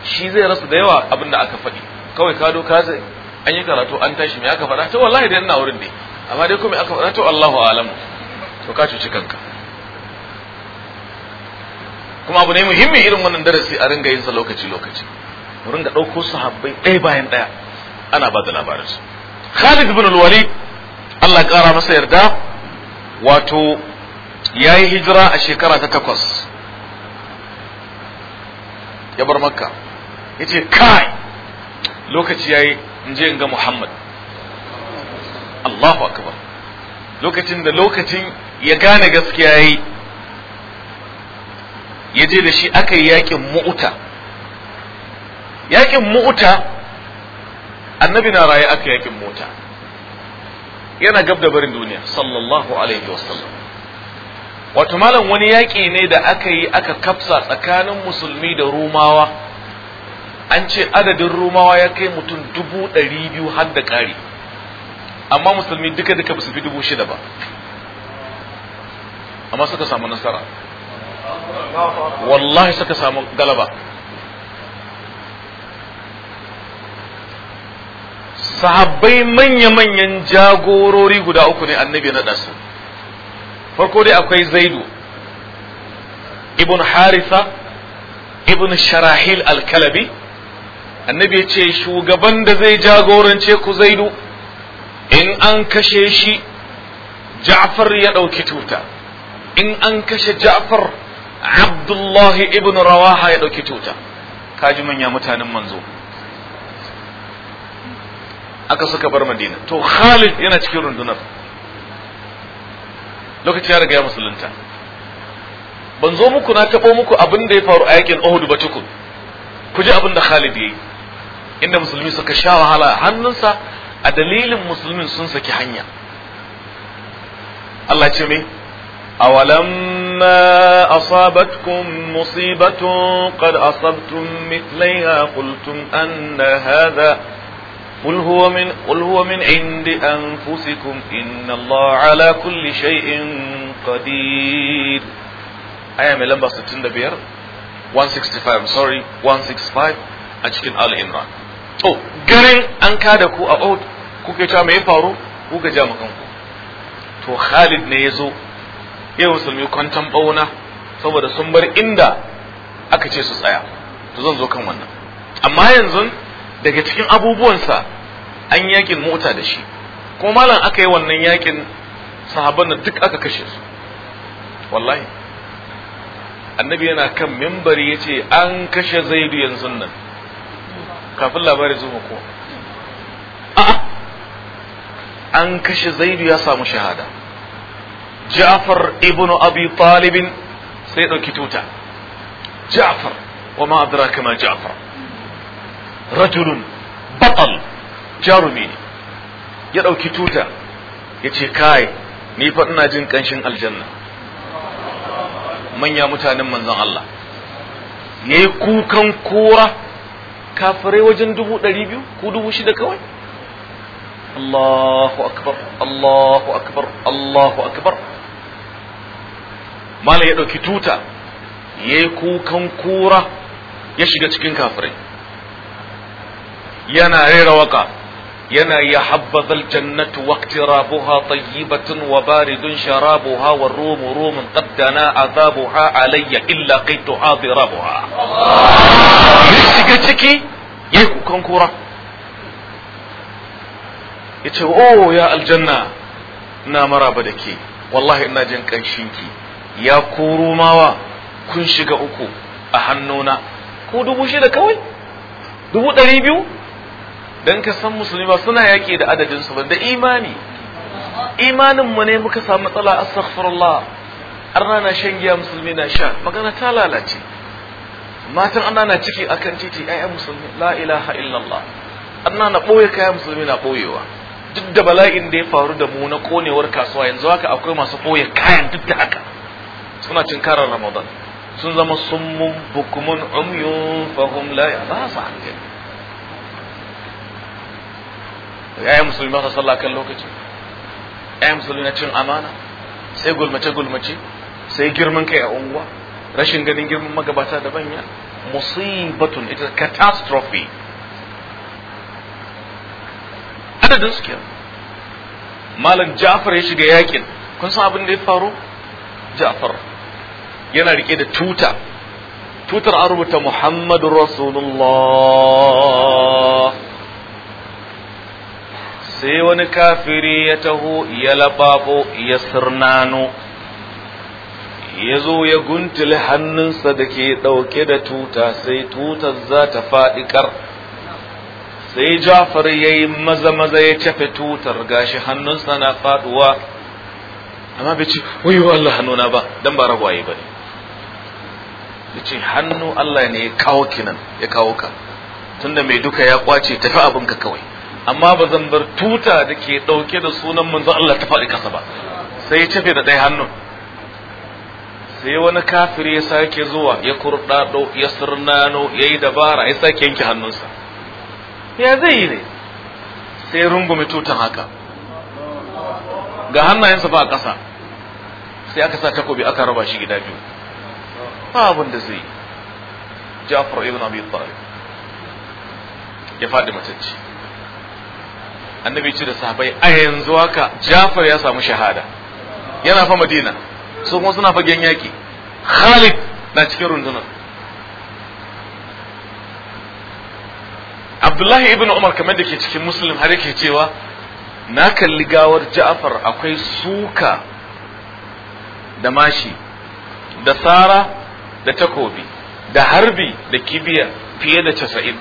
shi zai rasa da yawa abin da aka faɗi kawai ka do ka sai an yi karatu an tashi me aka faɗa to wallahi dai ina wurin ne amma dai kuma aka faɗa to Allahu alam to ka cuci kanka kuma abu ne muhimmi irin wannan darasi a ringa yin sa lokaci lokaci mu ringa ɗauko sahabbai ɗaya bayan ɗaya ana ba da labarin su Khalid ibn al-Walid Allah ƙara masa yarda wato yayi hijira a shekara ta takwas ya bar makka yace kai lokaci yayi in je in ga Muhammad Allahu akbar lokacin da lokacin ya gane gaskiya yayi ya je da shi aka yi yakin mu'uta yakin mu'uta annabi na raye aka yakin mota yana gab da barin duniya sallallahu alaihi wasallam wato malam wani yaƙi ne da aka yi aka kafsa tsakanin musulmi da rumawa an ce adadin rumawa ya kai mutum dubu ɗari biyu har da ƙari amma musulmi duka duka ba su fi dubu shida ba amma suka samu nasara wallahi suka samu galaba sahabbai manya-manyan jagorori guda uku ne annabi na su farko dai akwai zaidu ibn haritha ibn sharahil al-kalabi annabi ya ce shugaban da zai jagorance ku zaidu in an kashe shi ja'far ya ɗauki tuta in an kashe ja'far abdullahi ibn rawaha ya ɗauki tuta kaji manya mutanen manzo aka suka bar madina to khalid yana cikin rundunar lokaci ya riga ya musulunta ban zo muku na taɓo muku abin da ya faru a yakin Uhud ba tukun ku ji abin da Khalid yayi inda musulmi suka sha wahala hannunsa a dalilin musulmin sun saki hanya Allah ce mai أولما أصابتكم مصيبة قد أصبتم مثليها قلتم أن هذا قل هو من قل هو من عند أنفسكم إن الله على كل شيء قدير آية من لمبة 65 165 sorry 165 أشكن آل إمران to garin an kada ku a Uhud kuke cewa me faru ku ga makan kanku to Khalid ne ya zo musulmi kwantan bauna saboda sun bar inda aka ce su tsaya to zan zo kan wannan amma yanzu daga cikin abubuwansa an yakin mota da shi kuma malam aka yi wannan yakin sahabban nan duk aka kashe su wallahi annabi yana kan mimbari ya ce an kashe zaidu yanzu nan kafin labarin zuwa ko an kashe zaidu ya samu shahada ja'far ibnu abi talibin sai ya ɗauki tuta ja'far wa ma adraka ma ja'far rajulun batal jarumi ne ya ɗauki tuta ya ce kai ni fa ina jin ƙanshin aljanna manya mutanen manzon Allah yi kukan kura kafirai wajen dubu ɗari biyu ko dubu shida kawai Allahu akbar Allahu akbar Allahu akbar malam ya ɗauki tuta ya yi kukan kura ya shiga cikin kafirai yana rera waka yana ya habbazal jannatu waqtirabuha tayyibatun batun baridun sharabuha wa rumu rumun qaddana azabuha alayya illa qaitu adirabuha ya shiga ciki yayi kukan kura yace oh ya aljanna ina maraba da ke wallahi ina jin kanshin ki ya koro kun shiga uku a hannuna ko dubu shida kawai dubu ɗari biyu dan ka san musulmi ba suna yaƙi da adadin su da imani imanin mu ne muka samu matsala astaghfirullah arna na shan giya musulmi na sha magana ta lalace matan ana na ciki akan titi ayyan musulmi la ilaha illallah arna na boye kayan musulmi na boyewa duk da bala'in da ya faru da mu na konewar kasuwa yanzu haka akwai masu boye kayan duk da haka suna cin karar ramadan sun zama summun bukumun umyu fahum la ya ba su hankali ya musulmi ba sa sallah kan lokaci ya musulmi na cin amana sai gulmace gulmace sai girman kai a unguwa rashin ganin girman magabata da banya musibatun ita catastrophe adadin su malam Ja'far ya shiga yakin kun san abin da ya faru Ja'far yana rike da tuta tutar an rubuta Muhammadu Rasulullah sai wani kafiri ya taho ya lababo ya sirnano ya zo ya guntule hannunsa da ke ɗauke da tuta sai tutar za ta faɗi ƙar sai jafar ya yi maza-maza ya cafe tutar gashi hannunsa na faɗuwa amma bai ce wuyi Allah hannuna ba don ba ragwaye ba ne ya ce hannu Allah ne ya kawo kinan ya kawo ka tunda mai duka ya kwace tafi abinka kawai amma ba zan bar tuta da ke ɗauke da sunan manzon Allah ta faɗi kasa ba sai ya cafe da ɗaya hannun sai wani kafiri ya sake zuwa ya kurɗaɗo ya sirnano ya yi dabara ya sake yanke hannunsa ya zai yi ne sai rungume tutan haka ga hannayensa ba a ƙasa sai aka sa takobi aka raba shi gida biyu ba abin da zai yi jafar ibn abi talib ya faɗi matacci annabi ce da sahabbai a yanzu haka jafar ya samu shahada yana fa madina su kuma suna fagen yaki khalid na cikin rundunar abdullahi ibn umar kamar da ke cikin muslim har yake cewa na kalli gawar ja'far akwai suka da mashi da sara da takobi da harbi da kibiya fiye da casa'in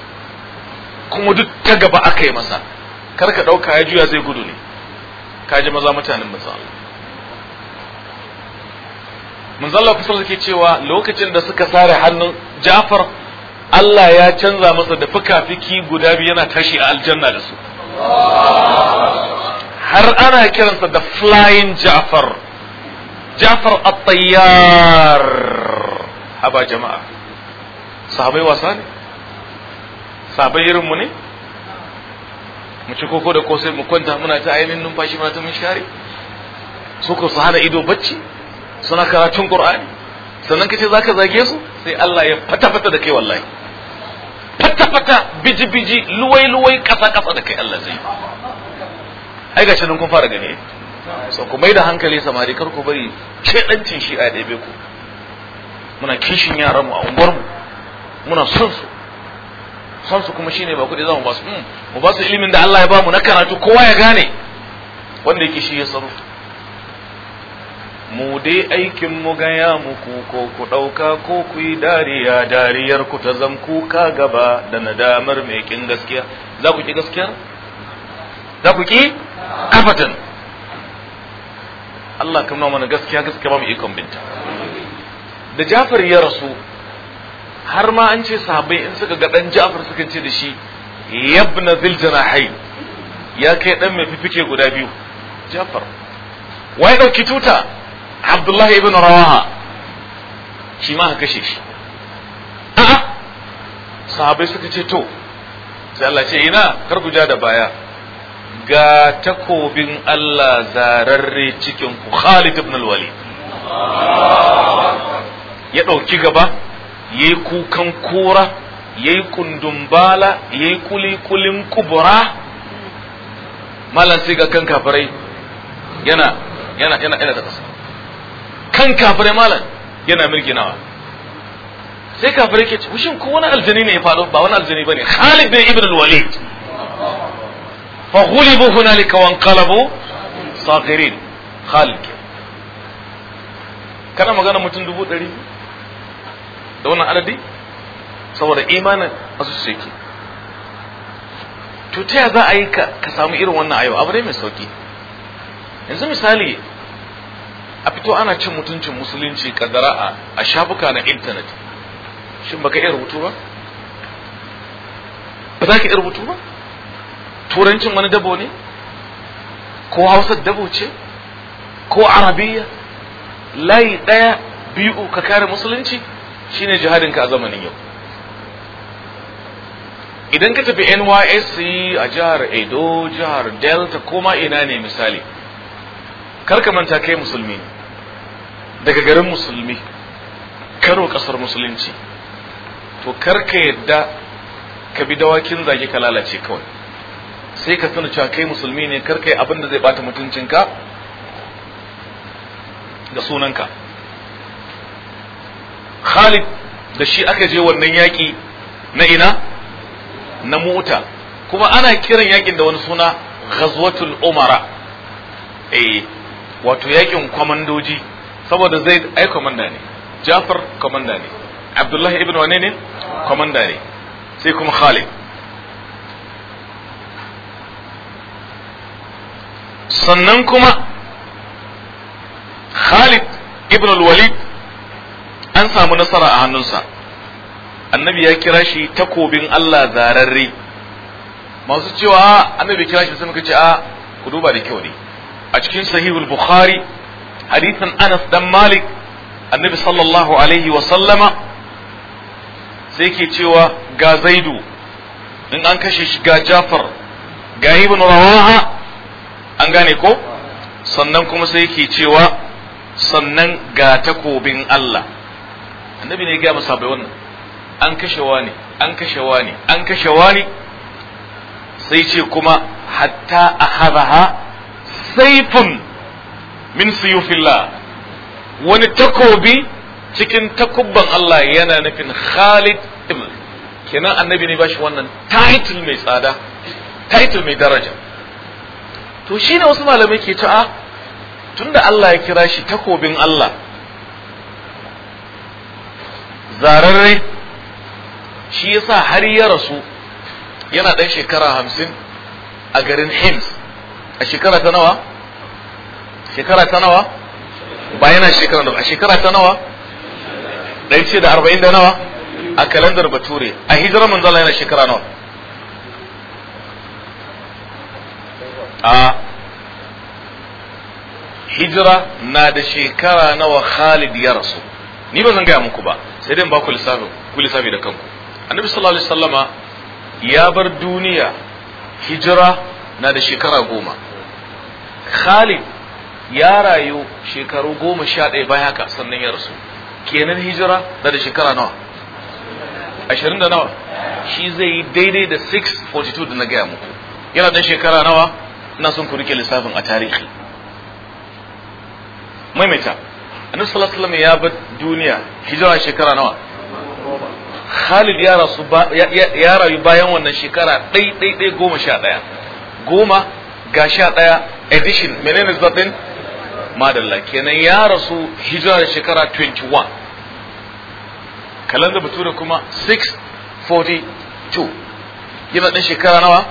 kuma duk ta gaba aka yi masa kar ka ɗauka ya juya zai gudu ne ka ji maza mutanen maza. Mun manzo Allah cewa lokacin da suka sare hannun Ja'far Allah ya canza masa da fikafiki guda biyu yana tashi a aljanna da su har ana kiransa da flying Ja'far Ja'far at-tayyar haba jama'a sahabai wasa ne sahabai irinmu ne mu ci koko da kosai mu kwanta muna ta ainihin numfashi mana ta mun share su ko su hana ido bacci suna karatun qur'ani sannan kace zaka zage su sai Allah ya fata fata da kai wallahi fata fata biji biji luwai luwai kasa kasa da kai Allah zai ai gashi nan kun fara gani so ku mai da hankali samari kar ku bari shedancin shi a ɗebe ku muna kishin yaran mu a unguwar mu muna son su son su kuma shine ba kudi za hmm, mu ba su mu ba su ilimin da Allah ya ba mu na karatu kowa ya gane wanda yake shi ya tsaro mu dai aikin mu gaya muku ko ku ɗauka ko ku yi dariya dariyar ku ta zam kuka gaba da nadamar mai kin gaskiya za ku ki gaskiya za ku ki kafatan Allah kuma mana gaskiya gaskiya ba mu ikon binta da Jafar ya rasu har ma an ce sahabbai in suka ga dan Ja'far suka ce da shi yabna zil janahi ya kai dan mai fifike guda biyu Ja'far wai dauki tuta Abdullah ibn Rawaha shi ma haka kashe shi sahabbai suka ce to sai Allah ce ina kar ku ja da baya ga takobin Allah zararre cikin ku Khalid ibn al-Walid ya dauki gaba ya yi kukan kura ya yi kundumbala ya yi kulikulin kubura malam sai ga kan kafirai yana yana yana yana da kan kafirai malam yana nawa sai kafirai ke ce wushin ko wani aljani ne ya faru ba wani aljani bane Khalid bin Ibn al-Walid fa ghulibu hunalika wa anqalabu saghirin Khalid kana magana mutum dubu ɗari da wannan adadi saboda imanin a su yake Tutaya za a yi ka samu irin wannan ayo abu ne mai sauki yanzu misali a fito ana cin mutuncin musulunci kaddara a shafuka na intanet shin baka iya rubutu ba ba za ka iya rubutu ba turancin wani dabo ne ko hausar dabo ce ko arabiya layi ɗaya biyu ka kare musulunci shine jihadin ka a zamanin yau idan ka tafi NYSC a jihar Edo jihar Delta koma ina ne misali kar manta kai musulmi daga garin musulmi karo kasar musulunci to kar ka yadda ka bi dawakin zage ka lalace kawai sai ka tuna cewa kai musulmi ne kar ka yi abin zai bata mutuncinka da sunanka Khalid da shi aka je wannan yaƙi na ina na mota kuma ana kiran yaƙin da wani suna ghazwatul umara eh wato yaƙin kwamandoji saboda zaid ai kwamanda ne jafar kwamanda ne abdullahi ibn wane ne kwamanda ne sai kuma khalid sannan kuma khalid ibn al-walid an samu nasara a hannunsa annabi ya kira shi takobin Allah zararre masu cewa annabi kira shi sun kace a ah, ku duba da kyau ne a cikin sahihul bukhari hadithan anas dan malik annabi sallallahu alaihi wa sallama sai ke cewa ga zaidu in an kashe shi ga jafar ga ibn rawaha an gane ko sannan kuma sai ke cewa sannan ga takobin Allah annabi ne ya gaya masa bai wannan an kashe wani an kashe wani an kashe wani sai ce kuma hatta haraha sayfun min suyufillah wani takobi cikin takubban Allah yana nufin Khalid ibn kenan annabi ne bashi wannan title mai tsada title mai daraja to shine wasu malamai ke ta ah, tunda Allah ya kira shi takobin Allah zararre shi yasa har ya rasu yana ɗan shekara hamsin a garin hims a shekara ta nawa shekara ta nawa ba yana shekara nawa a shekara ta nawa ɗan ce da arba'in da nawa a kalandar bature a hijirar manzala yana shekara nawa a hijira na da shekara nawa khalid ya rasu ni ba zan gaya muku ba sai dai ba ku lissafi ku lissafi da kanku annabi sallallahu alaihi wasallama ya bar duniya hijira na da shekara goma khalid ya rayu shekaru goma sha ɗaya bayan haka sannan ya rasu kenan hijira na da shekara nawa ashirin da nawa shi zai yi daidai da 642 da na gaya muku yana da shekara nawa ina son ku rike lissafin a tarihi maimaita annabi sallallahu alaihi wasallam ya bar duniya hijira shekara nawa Khalid ya rasu ya rayu bayan wannan shekara ɗai ɗai ɗai goma sha ɗaya goma ga sha ɗaya edition menene zabin? madalla kenan ya rasu hijira shekara 21 kalanda bature kuma 642 yana dan shekara nawa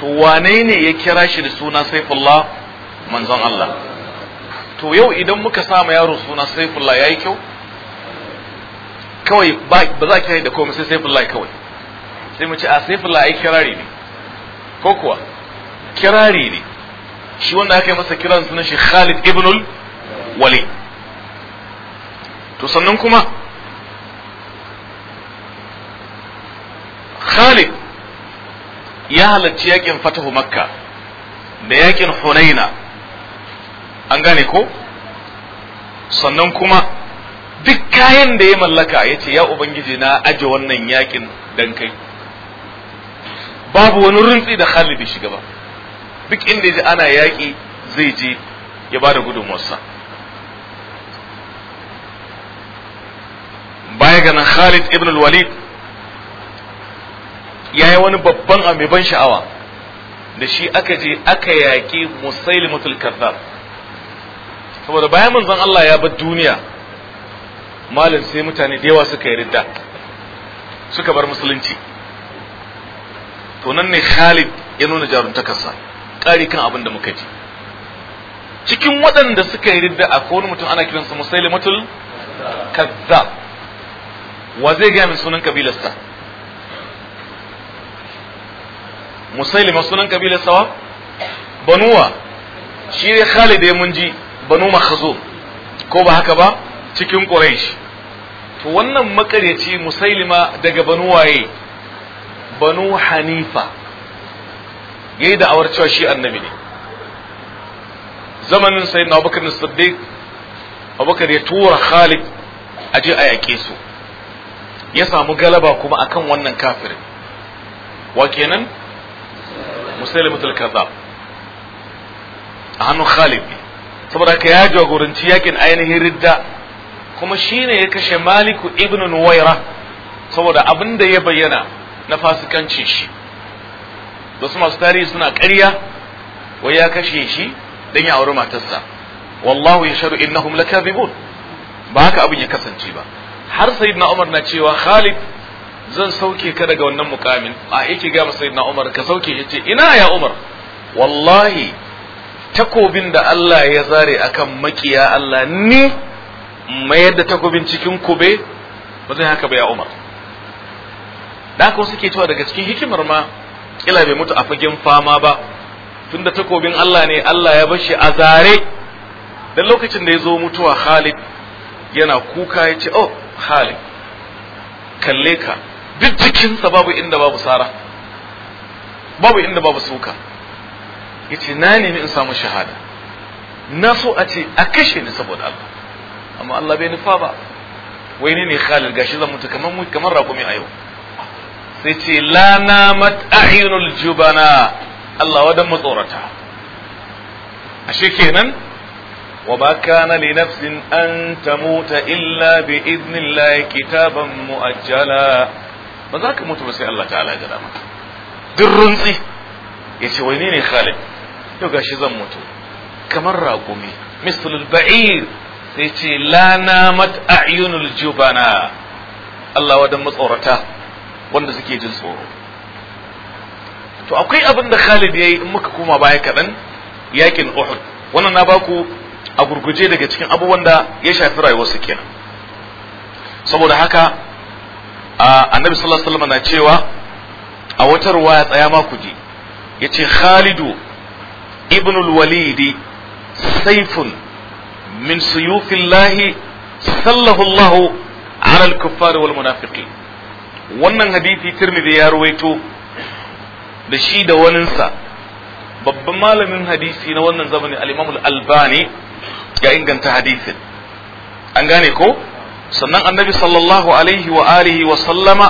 to wane ne ya kira shi da suna saifullah manzon Allah to yau idan muka samu yaro suna saifullah ya yi kyau kawai ba za ki da komai sai saifullah kawai sai mu a saifullah yi kirari ne ko kuwa kirari ne shi wanda aka yi masa kiran suna shi Khalid ibn Wali. to sannan kuma Khalid ya halarci yakin fatahu Makka da yakin Hunaina an gane ko sannan kuma duk kayan da ya mallaka ya ce ya ubangiji na aje wannan yakin dan kai babu wani rintsi da Khalid ya shiga ba duk inda ji ana yaƙi zai je ya bada gudunmuwarsa baya ga nan Khalid ibn al-Walid ya yi wani babban ban sha'awa da shi aka je aka yaƙi Musailimatul Kadhdhab saboda bayan manzon Allah ya bar duniya malam sai mutane da yawa suka yi ridda suka bar musulunci to nan ne Khalid ya nuna jaruntakarsa ƙari kan abin da muka ji cikin waɗanda suka yi ridda a wani mutum ana kiransa musailimatul kazza wa zai gaya min sunan kabilarsa musailima sunan kabilarsa wa banuwa shi ne Khalid ya mun ji banu makhzum ko ba haka ba cikin quraish to wannan makareci musailima daga banu waye banu hanifa yayi da awar cewa shi annabi ne zamanin sayyidina abubakar as-siddiq abubakar ya tura khalid aje a yake su ya samu galaba kuma akan wannan kafirin wa kenan musailimatul kazzab a hannun khalid ne saboda ka ya jagoranci yakin ainihin ridda kuma shi ne ya kashe maliku ibn nuwaira saboda abin da ya bayyana na fasikanci shi wasu masu tarihi suna karya wai ya kashe shi dan ya auri matarsa wallahu yashhadu innahum lakazibun ba haka abin ya kasance ba har sayyidina umar na cewa khalid zan sauke ka daga wannan mukamin a yake ga sayyidina umar ka sauke yace ina ya umar wallahi takobin da Allah ya zare akan makiya Allah ne mayar da takobin cikin kube ba zai haka ba ya Umar da haka suke cewa daga cikin hikimar ma kila bai mutu a fagen fama ba tunda takobin Allah ne Allah ya bashi a zare dan lokacin da ya zo mutuwa Khalid yana kuka ya ce oh Khalid kalle ka duk cikin babu inda babu sara babu inda babu suka yace na nemi in samu shahada na so a ce a kashe ni saboda Allah amma Allah bai nufa ba wai ne ne khalil gashi zan mutu kamar mutu kamar raƙumi a yau sai ce la namat a'yunul jubana Allah wadan matsorata ashe kenan wa ba kana li nafsin an tamuta illa bi idnillahi kitaban muajjala ba za ka mutu ba sai Allah ta'ala ya gada maka duk runtsi yace wai ne ne khalil yau gashi zan mutu kamar raƙumi mislul ba'ir sai ce la namat a'yunul jubana Allah wadan matsorata wanda suke jin tsoro to akwai abin da Khalid yayi in muka koma baya kaɗan yakin Uhud wannan na baku a gurguje daga cikin abubuwan da ya shafi rayuwar su kenan saboda haka annabi sallallahu alaihi wasallam na cewa a wata ruwaya tsaya ma ku ji yace Khalidu ibn al-walid sayfun min suyufillahi sallahu Allah ala al-kuffar wannan hadisi tirmidhi ya ruwaito da shi da waninsa babban malamin hadisi na wannan zamani al-imam al-albani ya inganta hadisin an gane ko sannan annabi sallallahu alaihi wa alihi wa sallama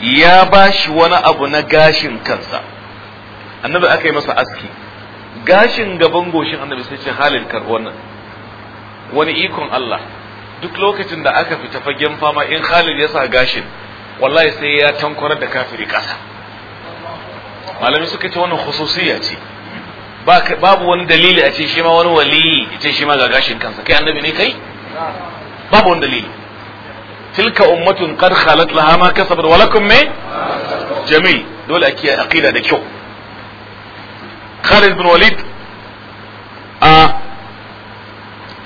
ya bashi wani abu na gashin kansa annabi aka yi masa aski gashin gaban goshin annabi sai ce halin karɓo wani ikon Allah duk lokacin da aka fita fagen fama in halin ya sa gashin wallahi sai ya tankwarar da kafiri ƙasa malami suka ce wannan khususiyya ce babu wani dalili a ce shi ma wani wali ya ce shi ma ga gashin kansa kai annabi ne kai babu wani dalili tilka ummatun qad khalat laha ma kasabat wa lakum me jamil dole a kiyaye aqida da kyau Khalid bin Walid a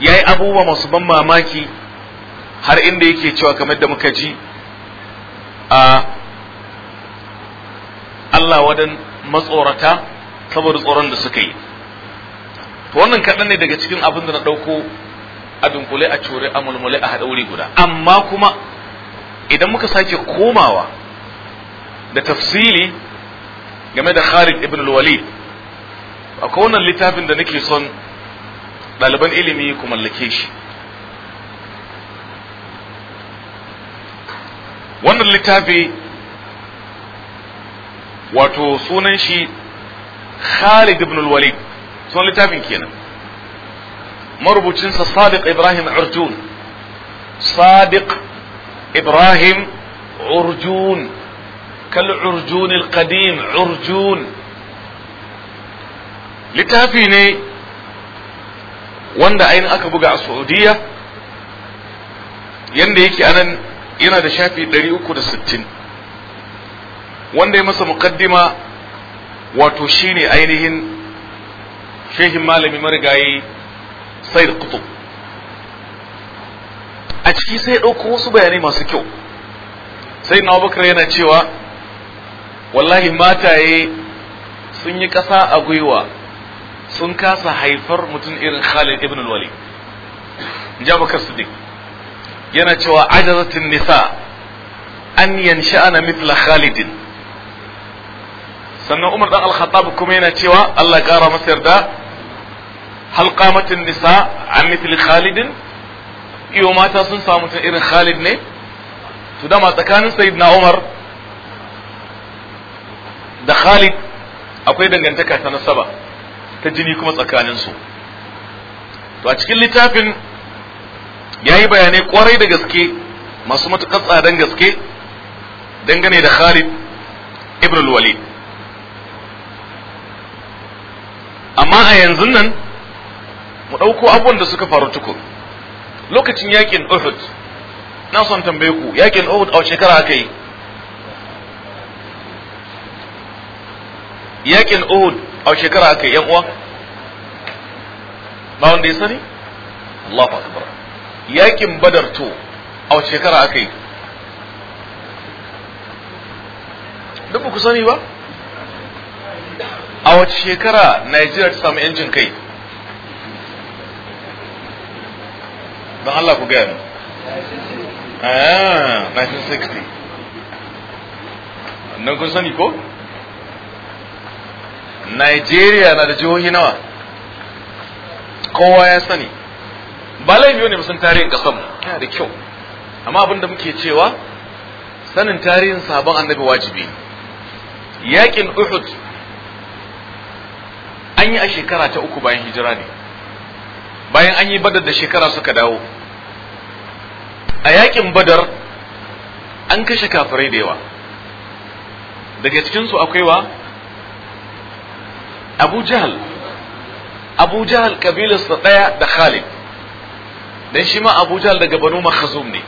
yi abubuwa masu ban mamaki har inda yake cewa kamar da muka ji a Allah wadan matsorata saboda tsoron da suka yi to wannan kaɗan ne daga cikin abin da na ɗauko a dunkule a cure a mulmule a haɗauri guda amma kuma idan muka sake komawa da tafsili game da Khalid ibn al-Walid akwai wannan littafin da nake son ɗaliban ilimi ku mallake shi wannan littafi wato sunan shi Khalid ibn al-Walid sunan littafin kenan marubucinsa Sadiq Ibrahim Urjun Sadiq Ibrahim Urjun kal Urjun al-Qadim Urjun littafi ne wanda ainihin aka buga a saudiya yanda yake anan yana da shafi 360 wanda ya masa mukaddima wato shine ainihin shehin malami marigayi sai da kutub a ciki sai ɗauko wasu bayanai masu kyau sai na abubakar yana cewa wallahi mataye sun yi ƙasa a gwiwa sun kasa haifar mutum irin Khalid ibn al-Walid Jabakar Siddiq yana cewa ajazatin nisa an yansha'ana mithla Khalidin sannan Umar dan Al-Khattab kuma yana cewa Allah kara masa yarda hal nisa an mithli Khalidin iyo mata sun samu mutum irin Khalid ne to dama tsakanin Sayyidina Umar da Khalid akwai dangantaka ta nasaba ta jini kuma tsakaninsu to a cikin littafin ya yi bayanai kwarai da gaske masu matuƙar tsadan gaske dangane da khalid ibn walid amma a yanzu nan mu ɗauko abubuwan da suka faru tukur lokacin yakin uhud na son tambaye ku yakin uhud a shekara aka yi yakin uhud a shekara aka yan uwa ba wanda ya sani Allahu akbar yakin badar to a shekara aka yi duk ba ku sani ba a wace shekara Najeriya ta samu yancin kai don Allah ku gaya mu 1960 ah, nan kun sani ko Najeriya na da jihohi nawa kowa ya sani ba laifiyo ne musan tarihin kasan. yana da kyau amma abin muke cewa sanin tarihin sabon annabi wajibi yakin uhud an yi a shekara ta uku bayan hijira ne bayan an yi badar da shekara suka dawo a yakin badar an kashe kafirai da yawa daga cikinsu akwai wa abu jahal abu jahal kabilarsa ɗaya da khalid dan shi ma abu jahal daga banu makhazum ne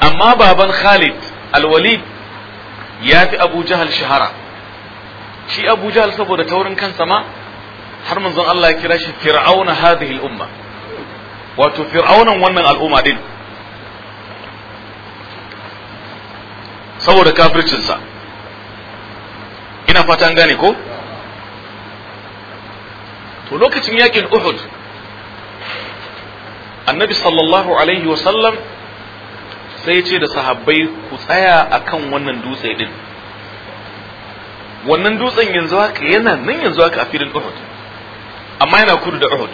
amma baban khalid alwalid ya fi abu jahal shahara shi abu jahal saboda taurin kansa ma har manzon Allah ya kira shi fir'auna hadhihi al-umma wato fir'aunan wannan al'umma din saboda kafircinsa ina fatan gane ko to lokacin yakin uhud annabi sallallahu alaihi wasallam sai ce da sahabbai ku tsaya akan wannan dutse din wannan dutsen yanzu haka yana nan yanzu haka a filin uhud amma yana kudu da uhud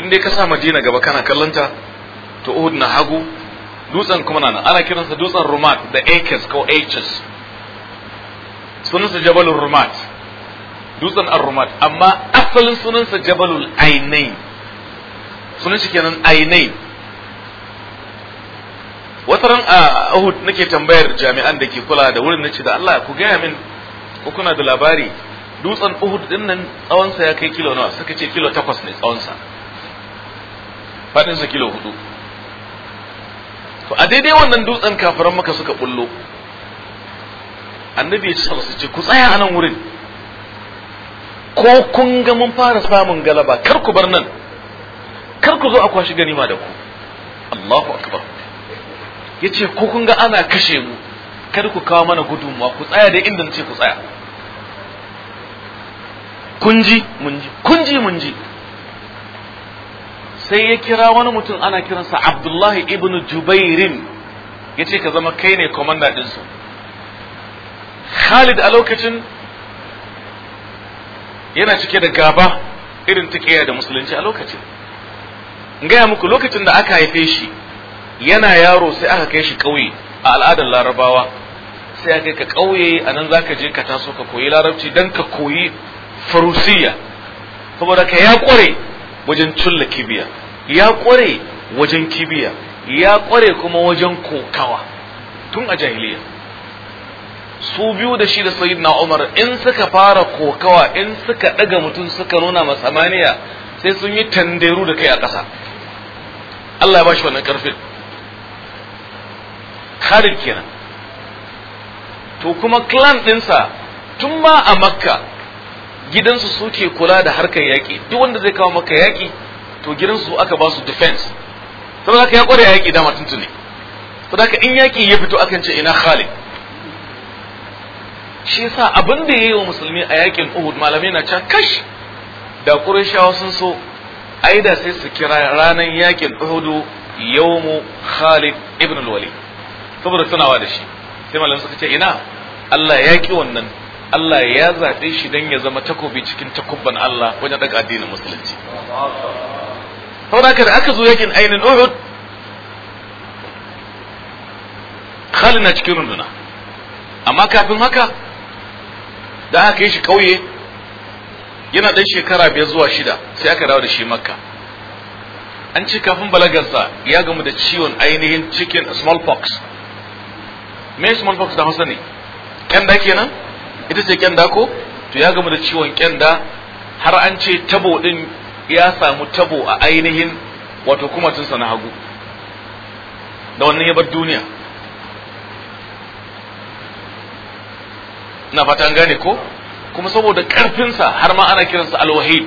in dai ka sa madina gaba kana kallonta to uhud na hagu dutsen kuma na ana kiransa dutsen rumat da akes ko hs sunansa jabalin rumat dutsen ar-rumat amma asalin sunansa jabalul ainai sunan shi kenan ainai wata ran a Uhud nake tambayar jami'an da ke kula da wurin nace da Allah ku gaya min ko kuna da labari dutsen Uhud din nan tsawonsa ya kai kilo nawa suka ce kilo takwas ne tsawonsa sa kilo 4 to a daidai wannan dutsen kafiran maka suka bullo annabi ya ce su ce ku tsaya a nan wurin ko kun ga mun fara samun galaba kar ku bar nan kar ku zo a kwashi ganima da ku Allahu akbar yace ko kun ga ana kashe mu kar ku kawo mana gudunmuwa ku tsaya da inda nace ku tsaya kun ji mun ji kun ji mun ji sai ya kira wani mutum ana kiransa Abdullahi ibn Jubairin yace ka zama kai ne komanda din su Khalid a lokacin yana cike da gaba irin ta da musulunci a lokacin gaya muku lokacin da aka haife shi yana yaro sai aka kai shi ƙauye a al'adar larabawa sai aka kai ka ƙauye a nan za ka je ka taso ka koyi larabci dan ka koyi farusiya saboda ka ya ƙware wajen culla kibiya ya ƙware wajen kibiya ya ƙware kuma wajen kokawa tun a jahiliya su biyu da shi da sayyidina Umar in suka fara kokawa in suka daga mutum suka nuna masamaniya sai sun yi tanderu da kai a ƙasa Allah ya bashi wannan karfi Khalid kenan to kuma clan ɗinsa tun ma a makka gidansu suke kula da harkar yaƙi duk wanda zai kawo maka yaƙi to gidansu aka ba su defense saboda haka ya kware yaƙi dama tuntuni saboda haka in yaƙi ya fito akan ce ina Khalid shi yasa abin da yayi wa musulmi a yakin Uhud malamai na can kash da Qurayshawa sun so ai da sai su kira ranan yakin Uhud yawmu Khalid ibn al-Walid saboda tunawa da shi sai malamai suka ce ina Allah ya ki wannan Allah ya zaɓe shi dan ya zama takobi cikin takubban Allah wajen daga addinin musulunci. Saboda haka da aka zo yakin Ainin Uhud Khalid na cikin runduna. amma kafin haka da aka kai shi kauye yana ɗan shekara biyar zuwa shida sai aka dawo da shi makka an ce kafin balagarsa ya gamu da ciwon ainihin cikin smallpox me smallpox da hausa ne kenan ita ce kyanda ko to ya gamu da ciwon kyanda har an ce tabo din ya samu tabo a ainihin wato kumatinsa na hagu da wannan ya bar duniya na fatan gane ko kuma saboda karfinsa har ma ana kiransa alwahid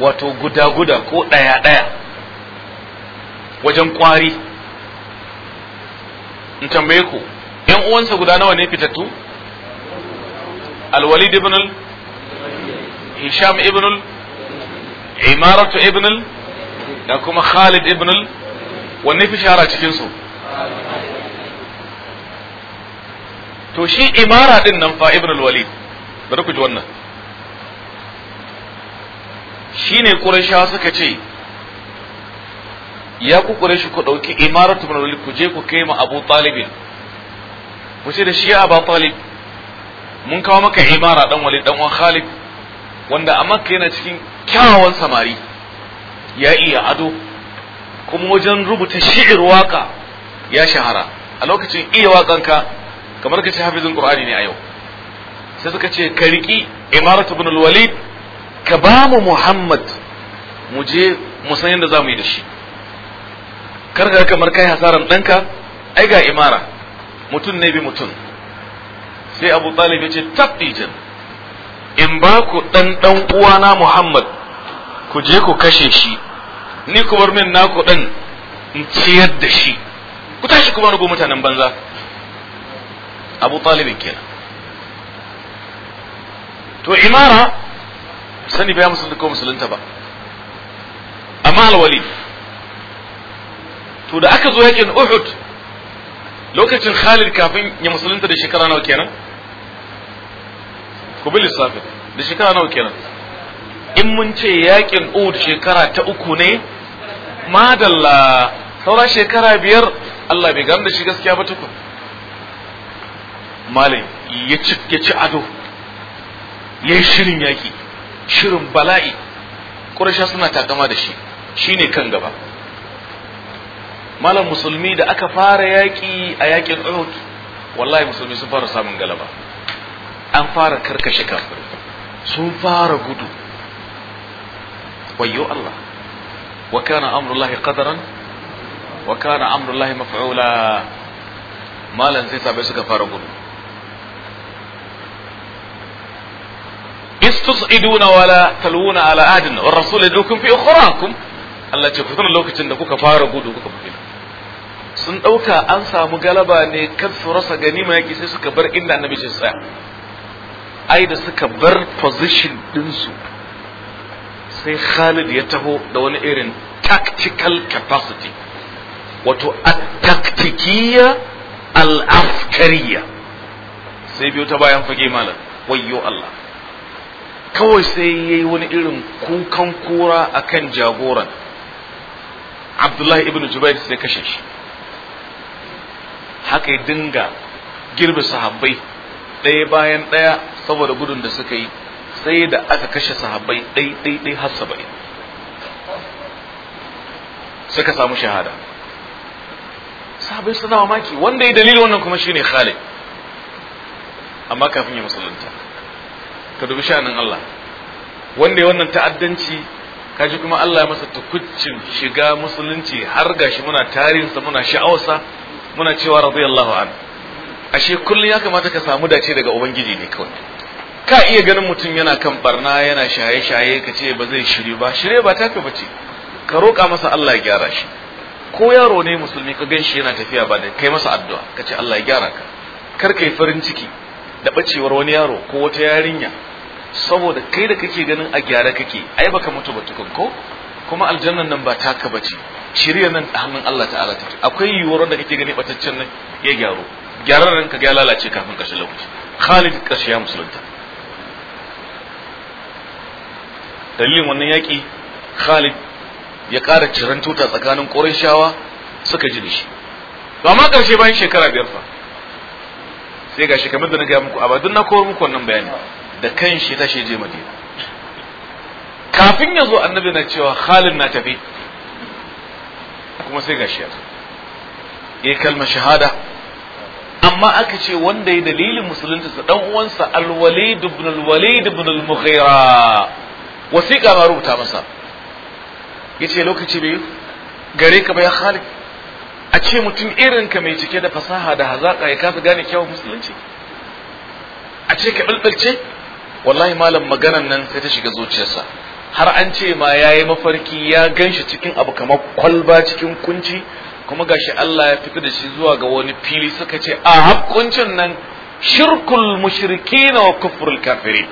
wato guda-guda ko ɗaya-ɗaya wajen kwari in tambaye ku ‘yan uwansa guda nawa ne fitattu alwalid ibn al hisham Ibnul? al imaratu ibn da kuma khalid Ibnul? al wanne fi shara cikinsu to shi imara din nan fa ibn al-walid bari ku ji wannan shine quraysha suka ce ya ku qurayshi ku dauki imara ibn al-walid ku je ku kai ma abu talib ku ce da shi ya abu talib mun kawo maka imara dan walid dan wan khalid wanda a makka yana cikin kyawawan samari ya iya ado kuma wajen rubuta shi'ir waka ya shahara a lokacin iya wakanka kamar ka ce hafizin qur'ani ne a yau sai suka ce ka riki imarat ibn al-walid ka ba mu muhammad mu je mu san yadda zamu yi da shi kar ka kamar kai hasaran danka ai ga imara mutum ne bi mutum sai abu talib ya ce tabbijan in ba ku dan dan uwana muhammad ku je ku kashe shi ni kuma min naku dan in ciyar da shi ku tashi kuma rubu mutanen banza abu talibin kenan to imara sani bai musulunta ko musulunta ba amma alwali to da aka zo yakin uhud lokacin khalid kafin ya musulunta da shekara nawa kenan ku bi da shekara nawa kenan in mun ce yakin uhud shekara ta uku ne madalla saura shekara biyar Allah bai gamda shi gaskiya ba tukun Malin ya ci ya ci ado yayi shirin yaki shirin bala'i quraysha suna takama da shi shine kan gaba malam musulmi da aka fara yaki a yakin Uhud wallahi musulmi sun fara samun galaba an fara karkashe kafir sun fara gudu wayo Allah wa kana amrullahi qadaran wa kana amrullahi maf'ula malan sai sabai suka fara gudu تصعدون ولا تلوون على عاد والرسول يدعوكم في اخراكم Allah ce ku tuna lokacin da kuka fara gudu kuka sun ɗauka an samu galaba ne kan su rasa ma yaki sai suka bar inda annabi ce tsaya ai da suka bar position ɗinsu. sai Khalid ya taho da wani irin tactical capacity wato a taktikiyya al sai biyu ta bayan fage malam wayyo Allah kawai sai ya yi wani irin kukan kura a kan jagoran abdullahi ibn jubair sai kashe shi haka ya dinga girbe sahabbai ɗaya bayan ɗaya saboda gudun da suka yi sai da aka kashe sahabbai ɗai ɗai ɗai har saba'in suka samu shahada sahabbai suna mamaki wanda ya dalilin wannan kuma shine khalid amma kafin ya musulunta ka dubi shanin Allah wanda ya wannan ta'addanci ka ji kuma Allah ya masa tukuccin shiga musulunci har gashi muna tarihinsa muna sha'awarsa muna cewa radiyallahu an ashe kullum ya kamata ka samu dace daga ubangiji ne kawai ka iya ganin mutum yana kan barna yana shaye-shaye ka ce ba zai shirye ba shirye ba ba ce. ka roƙa masa Allah ya gyara shi ko yaro ne musulmi ka gan shi yana tafiya ba da kai masa addu'a ka ce Allah ya gyara ka kar kai farin ciki da bacewar wani yaro ko wata yarinya saboda kai da kake ganin a gyara kake ai baka mutu ba tukun ko kuma aljannan nan ba taka bace shirya nan a hannun Allah ta'ala take akwai yiwuwar da kake gani bataccen nan ya gyaro nan ka ga lalace kafin kashe lokaci Khalid kashiya ya musulunta dalilin wannan yaki Khalid ya ƙara ciran tuta tsakanin Qurayshawa suka ji da shi to amma ƙarshe bayan shekara biyar fa sai gashi kamar da na gaya muku abadun na kowar muku wannan bayani da kanshi tashi je madina kafin ya zo annabi na cewa halin na tafi kuma sai gashi ya ya kalma shahada amma aka ce wanda ya dalilin musulunci sa dan uwansa al-walid ibn al-walid ibn al-mughira wasiqa ma rubuta masa yace lokaci bai gare ka bai ya khalid a ce mutum irin ka mai cike da fasaha da hazaka ya kafa gane kyawun musulunci a ce ka ɓalɓalce wallahi malam maganan nan sai ta shiga zuciyarsa har an ce ma ya yi mafarki ya ganshi cikin abu kamar kwalba cikin kunci kuma gashi Allah ya fito da shi zuwa ga wani fili suka ce a hakuncin nan shirkul mushrikina wa kufrul kafiri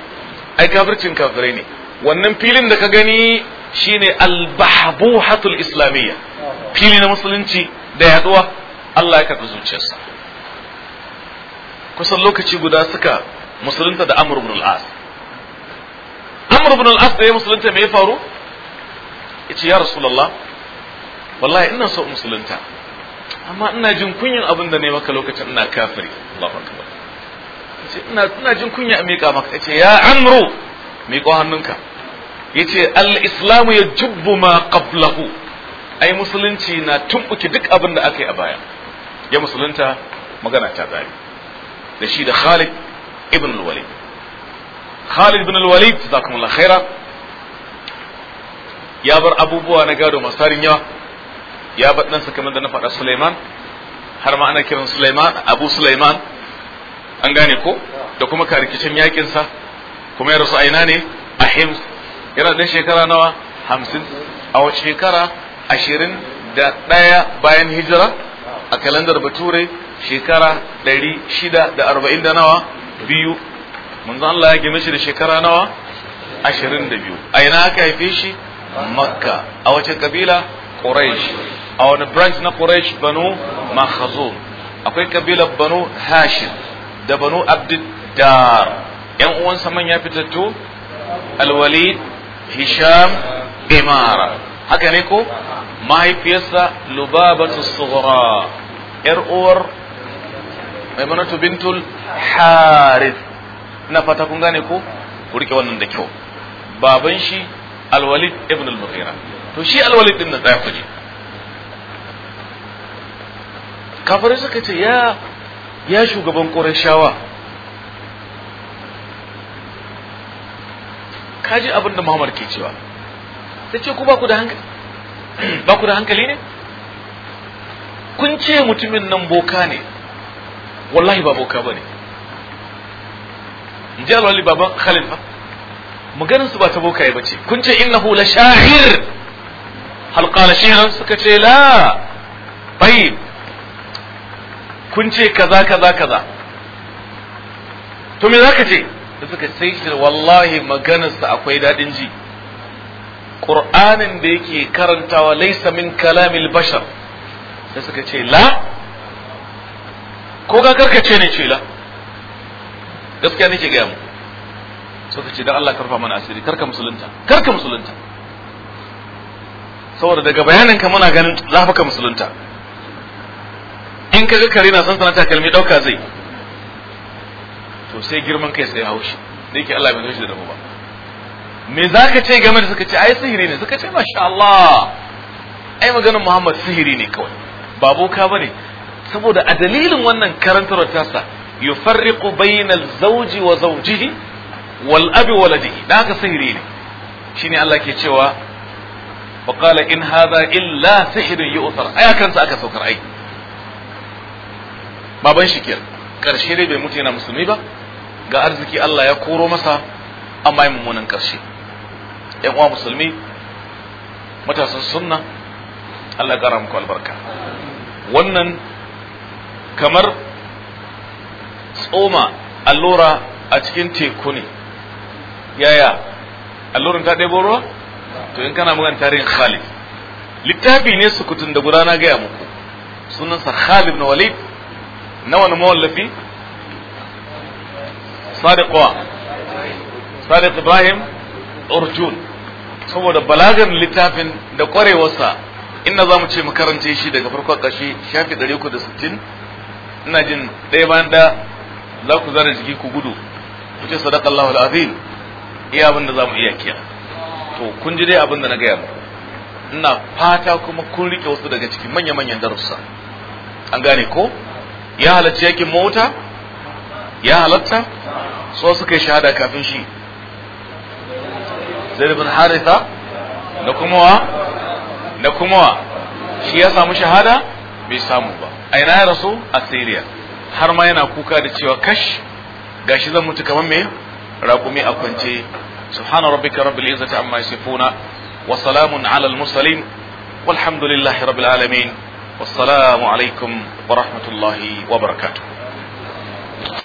ai kafircin kafirai ne wannan filin da ka gani shine al-bahbuhatul islamiyya fili na musulunci da yaduwa Allah ya karɓi zuciyarsa kusan lokaci guda suka musulunta da Amr ibn al-As Amr ibn al-As da ya musulunta me ya faru yace ya Rasulullah wallahi ina so musulunta amma ina jin kunyin abin da ne maka lokacin ina kafiri Allahu akbar yace ina ina jin kunya a miƙa maka yace ya Amru miƙo hannunka yace al-islamu yajubbu ma qablahu ai musulunci na tumbuke duk abin da aka yi a baya ya musulunta magana ta gari da shi da Khalid ibn al-Walid Khalid ibn al-Walid Allah khaira ya bar abubuwa na gado masu yawa ya bar ɗansa kamar da na faɗa Suleiman har ma ana kiran Suleiman Abu Suleiman an gane ko da kuma karikicin sa kuma ya rasu aina ne a Hims yana da shekara nawa hamsin a wace shekara ashirin da ɗaya bayan hijira a kalandar bature shekara ɗari shida da arba'in da nawa biyu manzo Allah ya gina shi da shekara nawa ashirin da biyu a ina aka haife shi makka a wace kabila quraish a wani branch na quraish banu makhazum akwai kabilar banu hashim da banu abdiddar yan uwansa manya fitattu alwalid hisham imara haka ne ko mahaifiyarsa lubabatu sughra yar uwar maimunatu bintul harith ina fata kun gane ko ku rike wannan da kyau baban shi alwalid ibn al-mughira to shi alwalid din na tsaya kuje kafirai suka ce ya ya shugaban qurayshawa kaji abin da Muhammad ke cewa sai ce ku ba ku da hankali ba ku da hankali ne kun ce mutumin nan boka ne wallahi ba boka ba ne in ji alwali baban khalil ba maganin su ba ta boka ba ce kun ce innahu la shahir. hal qala shi'ran suka ce la tayyib kun ce kaza kaza kaza to me zaka ce suka sai wallahi maganarsa akwai dadin ji ƙur'anin da yake karantawa laisa min kalamil bashar sai suka ce la ko ga karkace ne ce la gaskiya nake gaya mu suka ce dan Allah karfa mana asiri karka musulunta karka musulunta saboda daga bayanin ka muna ganin lafaka musulunta in kaga kare na san sanata kalmi dauka zai to sai girman kai sai haushi da yake Allah bai zo shi da mu ba me za ka ce game da suka ce ai sihiri ne suka ce masha Allah ai maganin Muhammad sihiri ne kawai ba boka bane saboda a dalilin wannan ta tasa yufarriqu bainal zawji wa zawjihi wal abi waladihi da haka sihiri ne shine Allah ke cewa wa qala in hadha illa sihrun yu'thar ai kansa aka saukar ai baban shi kenan karshe dai bai mutu yana musulmi ba ga arziki Allah ya koro masa amma yi mummunan karshe yan uwa musulmi matasan sunna Allah ƙara muku albarka wannan kamar tsoma allura a cikin teku ne yaya allurin ta ɗebo ruwa to in kana mugan tarihin Khalid littafi ne sukutun da gudana gaya muku sunansa Khalid na Walid na wani mawallafi Sadiq Sadiq Ibrahim Urjun saboda balagar littafin da kwarewarsa inda za mu ce makarance shi daga farkon ƙashi shafi 360 ina jin ɗaya bayan ɗaya za ku zara jiki ku gudu ku ce sadaka Allah al'azim iya abin da za mu iya kiya to kun ji dai abin da na gaya muku ina fata kuma kun rike wasu daga cikin manya-manyan darussa an gane ko ya halarci yakin mota ya halarta, so suka yi shahada kafin shi zaid bin haritha da kuma wa da kuma wa shi ya samu shahada bai samu ba a ina ya rasu a siriya har ma yana kuka da cewa kash gashi zan mutu kamar me raƙumi a kwance subhana rabbika rabbil izzati amma yasifuna wa salamun ala al mursalin walhamdulillahi rabbil alamin wassalamu alaikum wa rahmatullahi wa barakatuh